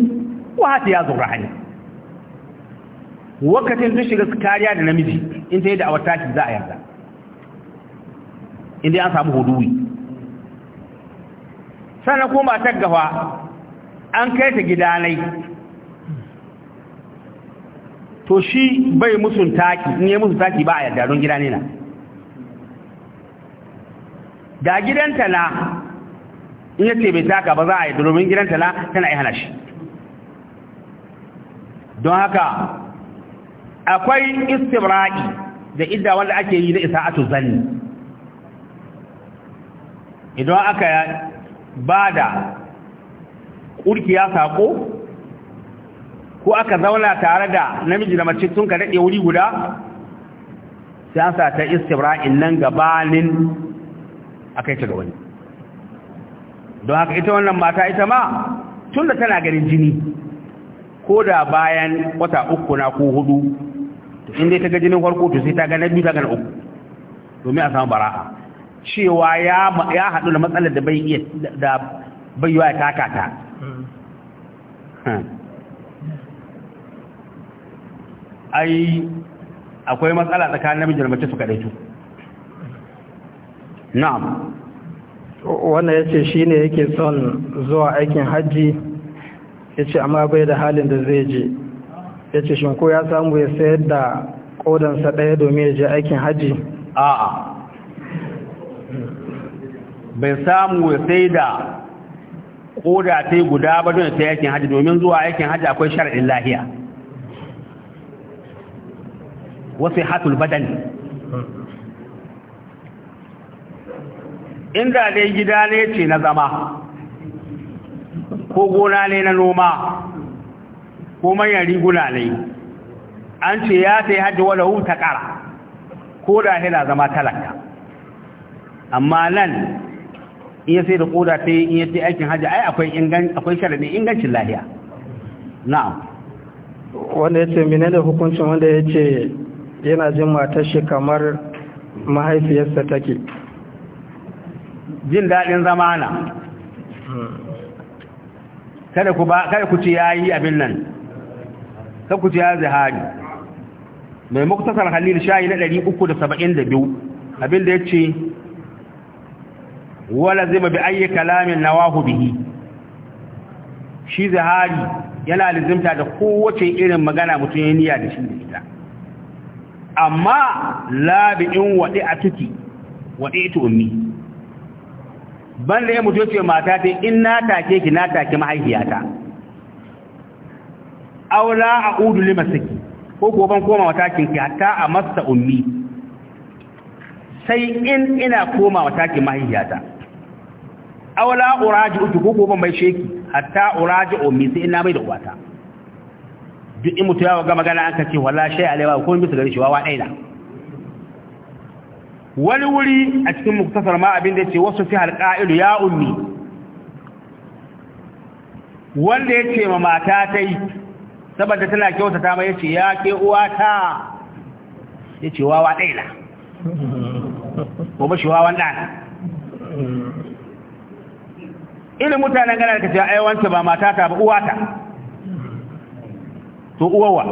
wata ya zo rahani wakacin ta shiga kariya da namiji in ta yi da awata shi za a yarda inda an samu huduwi sannan ko matar gawa an kai ta gidanai to shi bai musun taki in yi musun taki ba a yarda don gidane na da gidanta na in yace bai taka ba za a yi domin gidanta na tana yi hana shi don haka akwai istibra'i da idda wanda ake yi na isa'atu zanni idan aka ba da ya sako, ko aka zauna tare da namiji da mace sun ka daɗe wuri guda siyasa ta istibra'in nan gabanin a kai ta ga wani don haka ita wannan mata ita ma tun da tana ganin jini ko da bayan wata uku na ko hudu to inda ta ga jinin farko to sai ta ga na biyu ta ga na uku domin a samu bara'a cewa ya haɗu da matsalar da bai iya da bai yiwa ya taka ta hmm. ai akwai matsala tsakanin namijin da mace su kaɗaitu na'am wannan ya ce shi ne yake son zuwa aikin hajji ya ce amma bai da halin da zai je ya ce shinko ya samu ya sayar da ƙodansa ɗaya domin ya je aikin hajji a'a bai samu sai da koda ta yi guda ba don ta yakin hajji domin zuwa yakin hajji akwai shar'in lahiya wasu hatul badan inda dai gida ne ce na zama ko gona ne na noma ko manyan riguna ne an ce ya sai haji hajji wadda ta ƙara ko da hila zama talaka amma nan iya sai da koda ta yi iya ta aikin hajji ai akwai ingan akwai sharadin ingancin lahiya na'am wanda ya ce da hukuncin wanda ya ce yana jin matar shi kamar mahaifiyarsa take jin daɗin zamana kada ku ba kada ku ce yayi abin nan ka ku ce ya zahari mai muktasar halil shayi na 372 abin da ya ce. wala zai bi ayi kalamin nawahu bihi shi zahari yana lazimta da kowace irin magana mutum ya niyya da shi da ita amma in waɗi a tuki waɗi ita ummi ban da ya mutu ce mata ta in na take ki na take mahaifiyata aula a udu lima saki ko ko ban koma wa takin ki hatta a masta ummi sai in ina koma wa takin mahaifiyata aula uraji uku ko ban mai sheki hatta uraji o mi sai ina mai da uwata duk in mutu ya ga magana an kace wala shay alaiwa ko mi su gari shi wawa daina wani wuri a cikin muktasar ma abin da yace wasu fi halqa'ilu ya ummi wanda yace ma mata tai saboda tana kyautata mai yace ya ke uwata yace wawa daina ko ba shi wawan dana irin mutanen gana da kace ai ba mata ta ba uwa ta to uwawa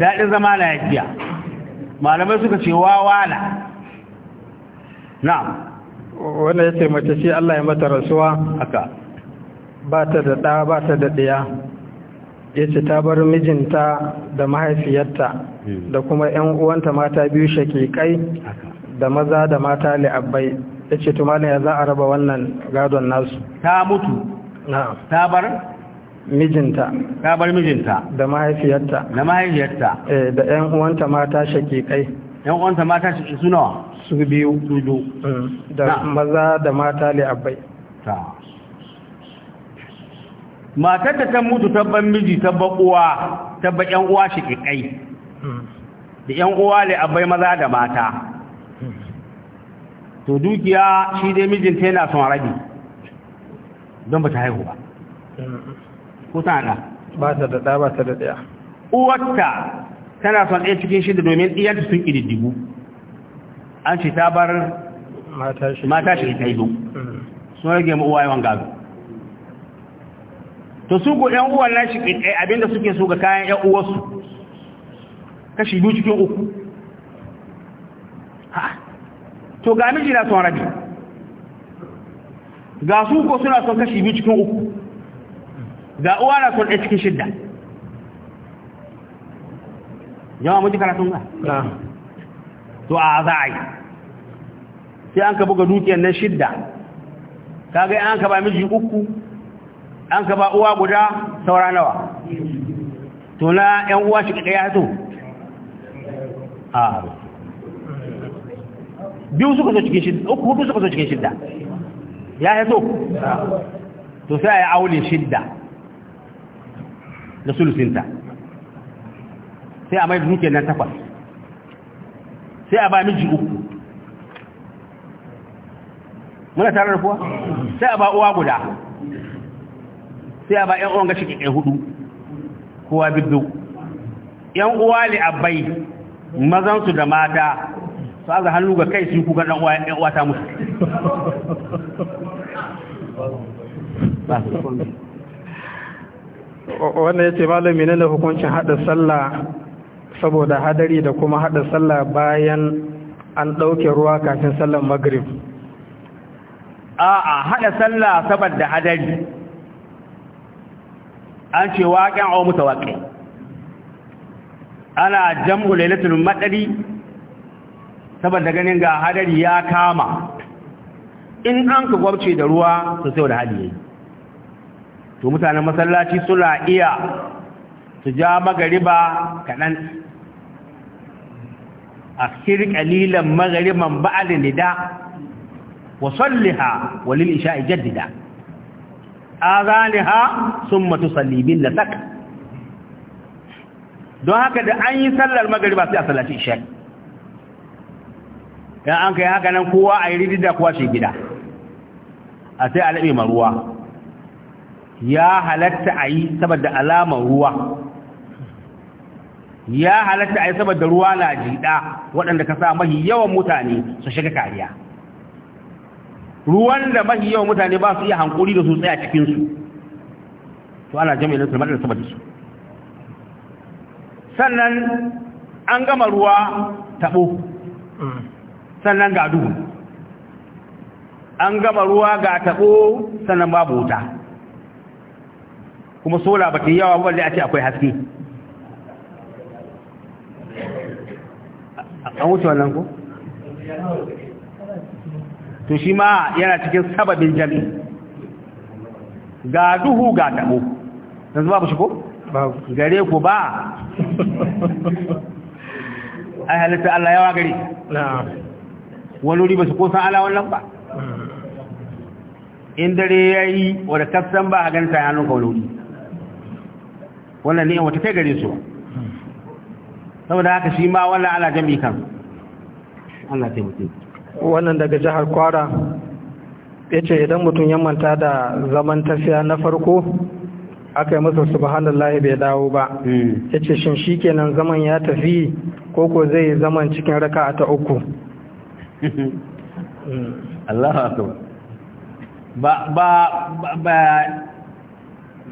daɗin zama na yakiya malamai suka ce wawa na na'am wanda ya ce mace ce Allah ya mata rasuwa haka ba ta da ɗa ba ta da ɗiya ya ce ta bar mijinta da mahaifiyarta hmm. da kuma 'yan uwanta mata biyu shakikai da maza da mata li'abbai Ya ce tumalin ya za a raba wannan gadon nasu ta mutu ta bar mijinta ta bar mijinta da mahaifiyarta da mahaifiyarta eh, da ƴan uwanta mata shakikai Ƴan uwanta mata shaki su nawa su biyu su biyu mm. da maza da mata le abai ta matar da ta mutu tabban miji tabban uwa tabban ƴan uwa shakikai mm. da ƴan uwa le abai maza da mata to dukiya shi dai mijinta yana son rabi don ba ta haihu ba ko ta haɗa ba ta da ɗa ba ta da ɗaya uwarta tana son ɗaya cikin shida domin ɗiyanta sun ƙididdigu an ce ta bar mata shi ta ido mm. sun rage mu uwa yawan gado to su ko ɗan uwan nan shi eh, abinda suke so ga kayan ‘yan uwarsu kashi biyu cikin uku to ga miji na son rabi ga su ko suna son kashi biyu cikin uku ga uwa na son ɗaya cikin shidda yawa mutu karatun ba to a za a yi sai an ka buga dukiyar nan shidda ka ga an ka ba miji uku an ka ba uwa guda saura nawa to na yan uwa shi kaɗa ya hito a biyu suka zo cikin shidda uku hudu suka zo cikin shidda ya yi so to sai a yi aulin shidda da sulusinta sai a mai duke nan takwas sai a ba miji uku muna tarar da kuwa sai a ba uwa guda sai a ba yan uwan gashi kike hudu kowa biddu yan uwa li abai mazansu da mata su aga hannu ga kai su kuka ɗan ta musu wannan ya ce malami ne na hukuncin haɗa sallah saboda hadari da kuma haɗa sallah bayan an ɗauke ruwa kafin sallar magrib a'a haɗa sallah saboda hadari an ce waƙen au mutawaƙi ana jam'u lailatul madari saboda ganin ga hadari ya kama in an ka gwabce da ruwa sun sai da hali yayi to mutanen masallaci suna iya su ja magariba kaɗan a sir ƙalilan magariban ba'ad nida wa salliha wa lil isha'i jaddida azaniha summa tusalli bil latak don haka da an yi sallar magariba sai a sallaci isha'i ya an kai haka nan kowa a yi ridida kowa shi gida a sai a laɓe ma ruwa ya halatta a yi saboda alamar ruwa ya halatta a yi saboda ruwa na jiɗa waɗanda ka sa mahi yawan mutane su shiga kariya ruwan da mahi yawan mutane ba su iya hankuri da su tsaya cikinsu to ana jami'in su da saboda su sannan an gama ruwa taɓo mm. sannan ga duhu an gama ruwa ga taɓo sannan babu wuta kuma sola ba ta yi yawa wanda a ce akwai haske an wuce wannan ko? to shi ma yana cikin sababin jami ga duhu ga taɓo yanzu babu shi ko? gare ku ba ai halitta Allah yawa na'am wani wuri ba su kosan ala nan ba in dare ya yi wadda kafsan ba a ganta hannun ka wani wuri wannan ne wata kai gare su saboda haka shi ma wannan ala jami kan Allah mutu wannan daga jihar kwara ya ce idan mutum ya manta da zaman tafiya na farko aka yi masa subhanallah bai dawo ba hmm. ya ce shin shi kenan zaman ya tafi ko zai zaman cikin raka ta uku Allah ba ba ba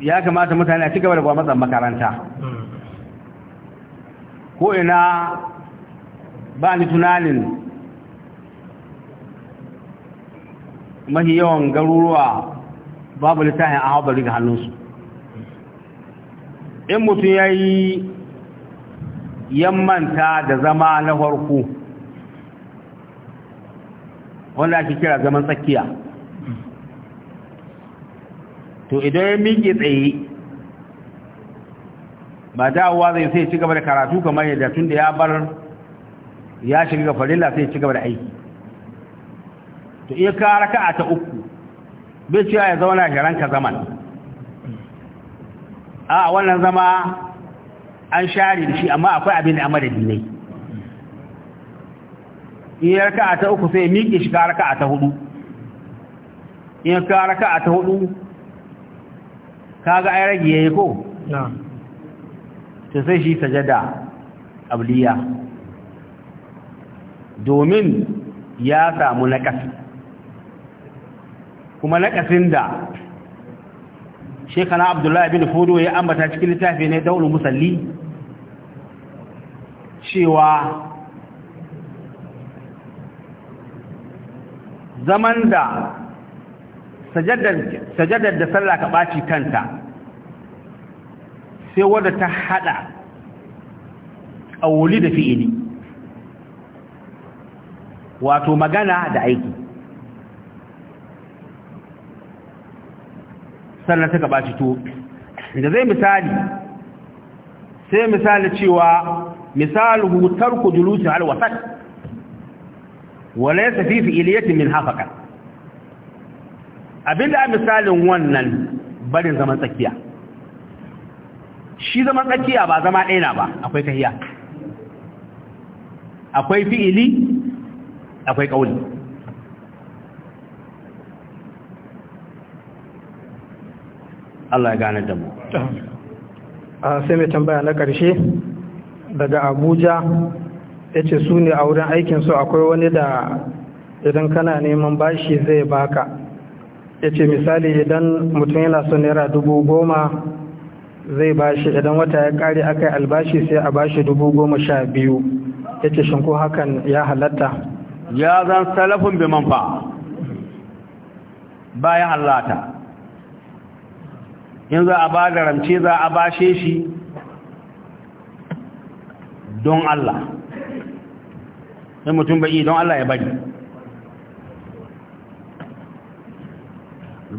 ya kamata mutane a cigaba da gwamnati matsan makaranta hmm. ko ina ba ni tunanin mahi yawan garuruwa babu littafin a haɓari ga hannunsu in mutum ya yi yammanta da zama na farko wanda ake kira zaman tsakiya to idan ya miƙe tsaye ba dawowa zai sai ci gaba da karatu kamar yadda tun da ya bar ya shiga farilla sai ci gaba da aiki to iya kara ka ta uku bai cewa ya zauna shiran ka zaman a wannan zama an share da shi amma akwai abin da amma da ne in raka'a ta uku sai miƙe shi ka raka'a ta hudu in ka raka'a ta hudu kaga ai rage yayi ko na to sai shi sajada abliya domin ya samu naƙasi kuma naƙasin da shekana abdullahi bin Fudu ya ambata cikin littafi ne daular musalli cewa zaman da sajadar da sallah ka ɓaci kanta sai wadda ta haɗa a wuli da fi'ili wato magana da aiki sannan suka ɓaci to da zai misali sai misali cewa misali hutar ku julusin alwasat walaysa fi fi'iliyatin min hafaka abinda a misalin wannan barin zaman tsakiya shi zaman tsakiya ba zama daina ba akwai tahiya akwai fi'ili akwai kauli Allah ya gane da mu sai mai tambaya na ƙarshe daga Abuja ya ce su ne a wurin aikinsu akwai wani da idan kana neman bashi zai baka ya ce misali idan mutum yana son naira dubu goma zai bashi idan wata ya kare aka yi albashi sai a bashi dubu goma sha biyu ya ce shinko hakan ya halatta ya zan salafin bi manfa ba ya hallata in za a ba da ramce za a bashe shi don Allah sai mutum bai don Allah ya bari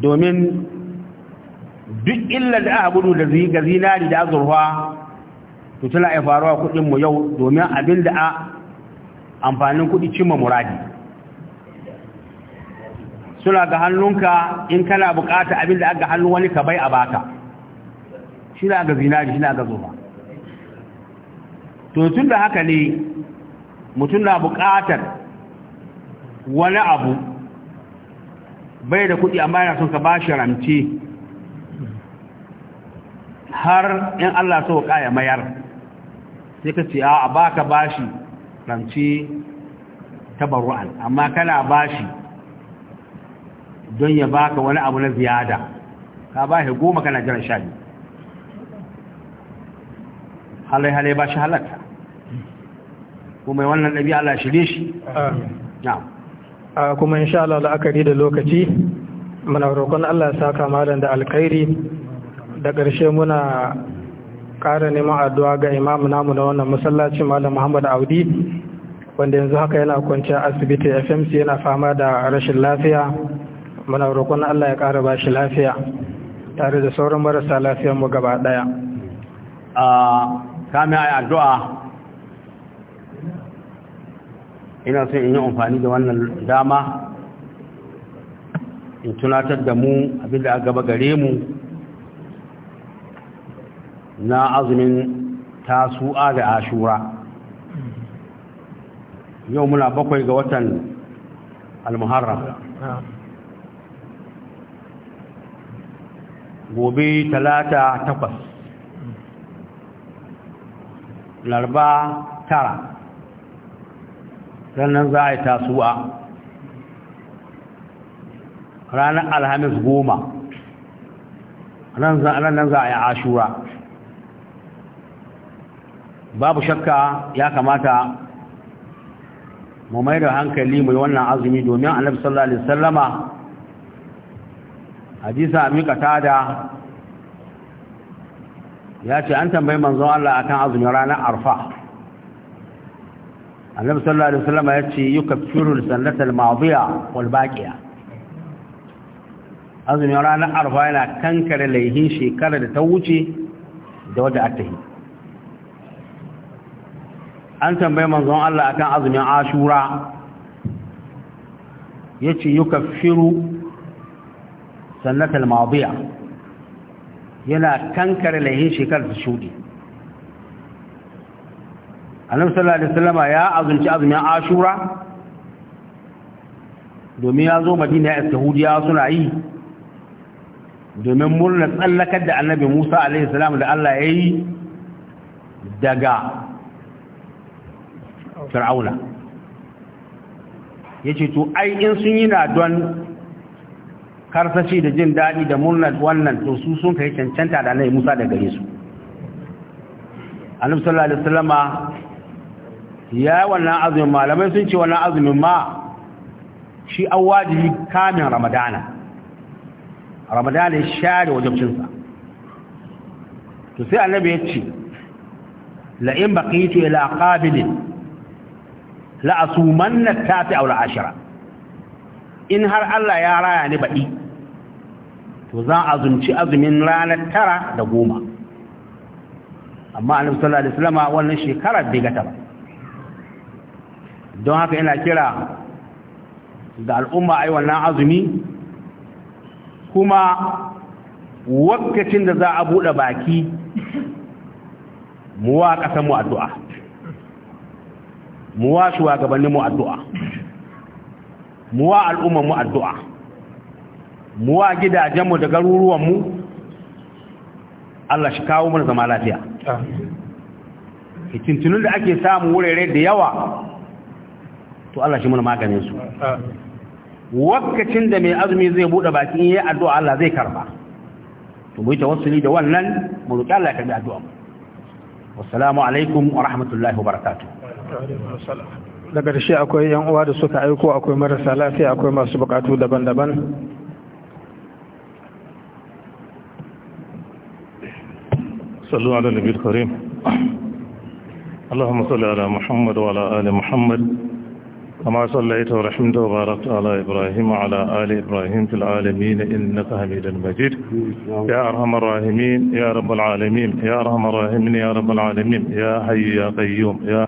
domin duk illar da aka gudu da zinari da azurwa to tana ya faruwa kudinmu yau domin abin da a amfanin kudi cimma muradi suna ga hannunka in kana bukata abin da aka hannun wani ka bai a baka shi na ga zinari shi na ga zuwa to tun da haka ne mutum na buƙatar wani abu bai da kuɗi amma yana son ka ba shi ramce har in Allah so ya mayar sai ka ce a ba ka ba shi ramce baru'an amma kana ba shi don ya baka wani abu na ziyada ka ba shi goma kana jiran sha biyu halai-halai ba shi halatta kuma wannan ɗabi Allah shirye shi kuma insha Allah la'akari da lokaci muna roƙon Allah saka malam da alkhairi da ƙarshe muna ƙara neman addu'a ga imam namu na wannan masallaci malam Muhammad Audi wanda yanzu haka yana kwanci a asibiti FMC yana fama da rashin lafiya muna roƙon Allah ya ƙara ba shi lafiya tare da sauran marasa lafiyar mu gaba ɗaya. Kame a addu'a ina son in yi amfani da wannan dama in tunatar da mu abinda a gaba gare mu na azumin tasu'a da ashura yau muna bakwai ga watan almuharram gobe talata takwas larba tara sannan za a yi tasuwa ranar alhamis goma ranar za a yi ashura babu shakka ya kamata mu mai da hankali mai wannan azumi domin annabi sallallahu alaihi wasallama hadisa amika tada ya ce an tambayi manzon Allah akan azumin ranar arfa annabi sallallahu alaihi wasallam ya ce yukaffiru sunnat al-madiya wal baqiya azumin ranar arfa yana kankare laihin shekara da ta wuce da wadda aka yi an tambaye manzon Allah akan azumin ashura yace yukaffiru sunnat al-madiya yana kankare laihin shekarar da shuɗi annabi sallallahu alaihi wasallama ya azunci azumin ashura domin ya zo madina ya yahudiya suna yi domin murnar tsallakar da annabi musa alaihi salam da allah ya yi daga fir'auna ya ce to ai in sun yi na don karsashi da jin daɗi da murnar wannan to su sun kai cancanta da annabi musa da gare su annabi sallallahu alaihi wasallama ya wannan azumin malamai sun ce wannan azumin ma shi an wajibi kamin ramadana ramadana ya share wajabcinsa to sai annabi ya ce la'in baqitu ila qabilin la na tafi aw la in har Allah ya raya ni baɗi to zan azumci azumin ranar tara da goma amma annabi sallallahu alaihi wasallama wannan shekarar bai gata ba don haka yana kira ga al'umma ai wannan azumi kuma wakacin da za a buɗe baki muwa ƙasar mu addu'a muwa shugabannin mu addu'a muwa al'umman mu addu'a muwa gidajenmu da garuruwanmu Allah shi kawo mana zama lafiya hikintunin da ake samu wurare da yawa to Allah shi muna maganin su wakacin da mai azumi zai bude baki in yi addu'a Allah zai karba to mu yi tawassuli da wannan mu roki Allah ya karbi addu'a mu assalamu alaikum wa rahmatullahi wa barakatuh daga da shi akwai yan uwa da suka aiko akwai marasa lafiya akwai masu bukatu daban-daban صلوا على النبي الكريم اللهم صل على محمد وعلى آل محمد كما صليت ورحمت وباركت على إبراهيم وعلى آل إبراهيم في العالمين إنك حميد مجيد يا أرحم الراحمين يا رب العالمين يا أرحم الراحمين يا رب العالمين يا حي يا قيوم يا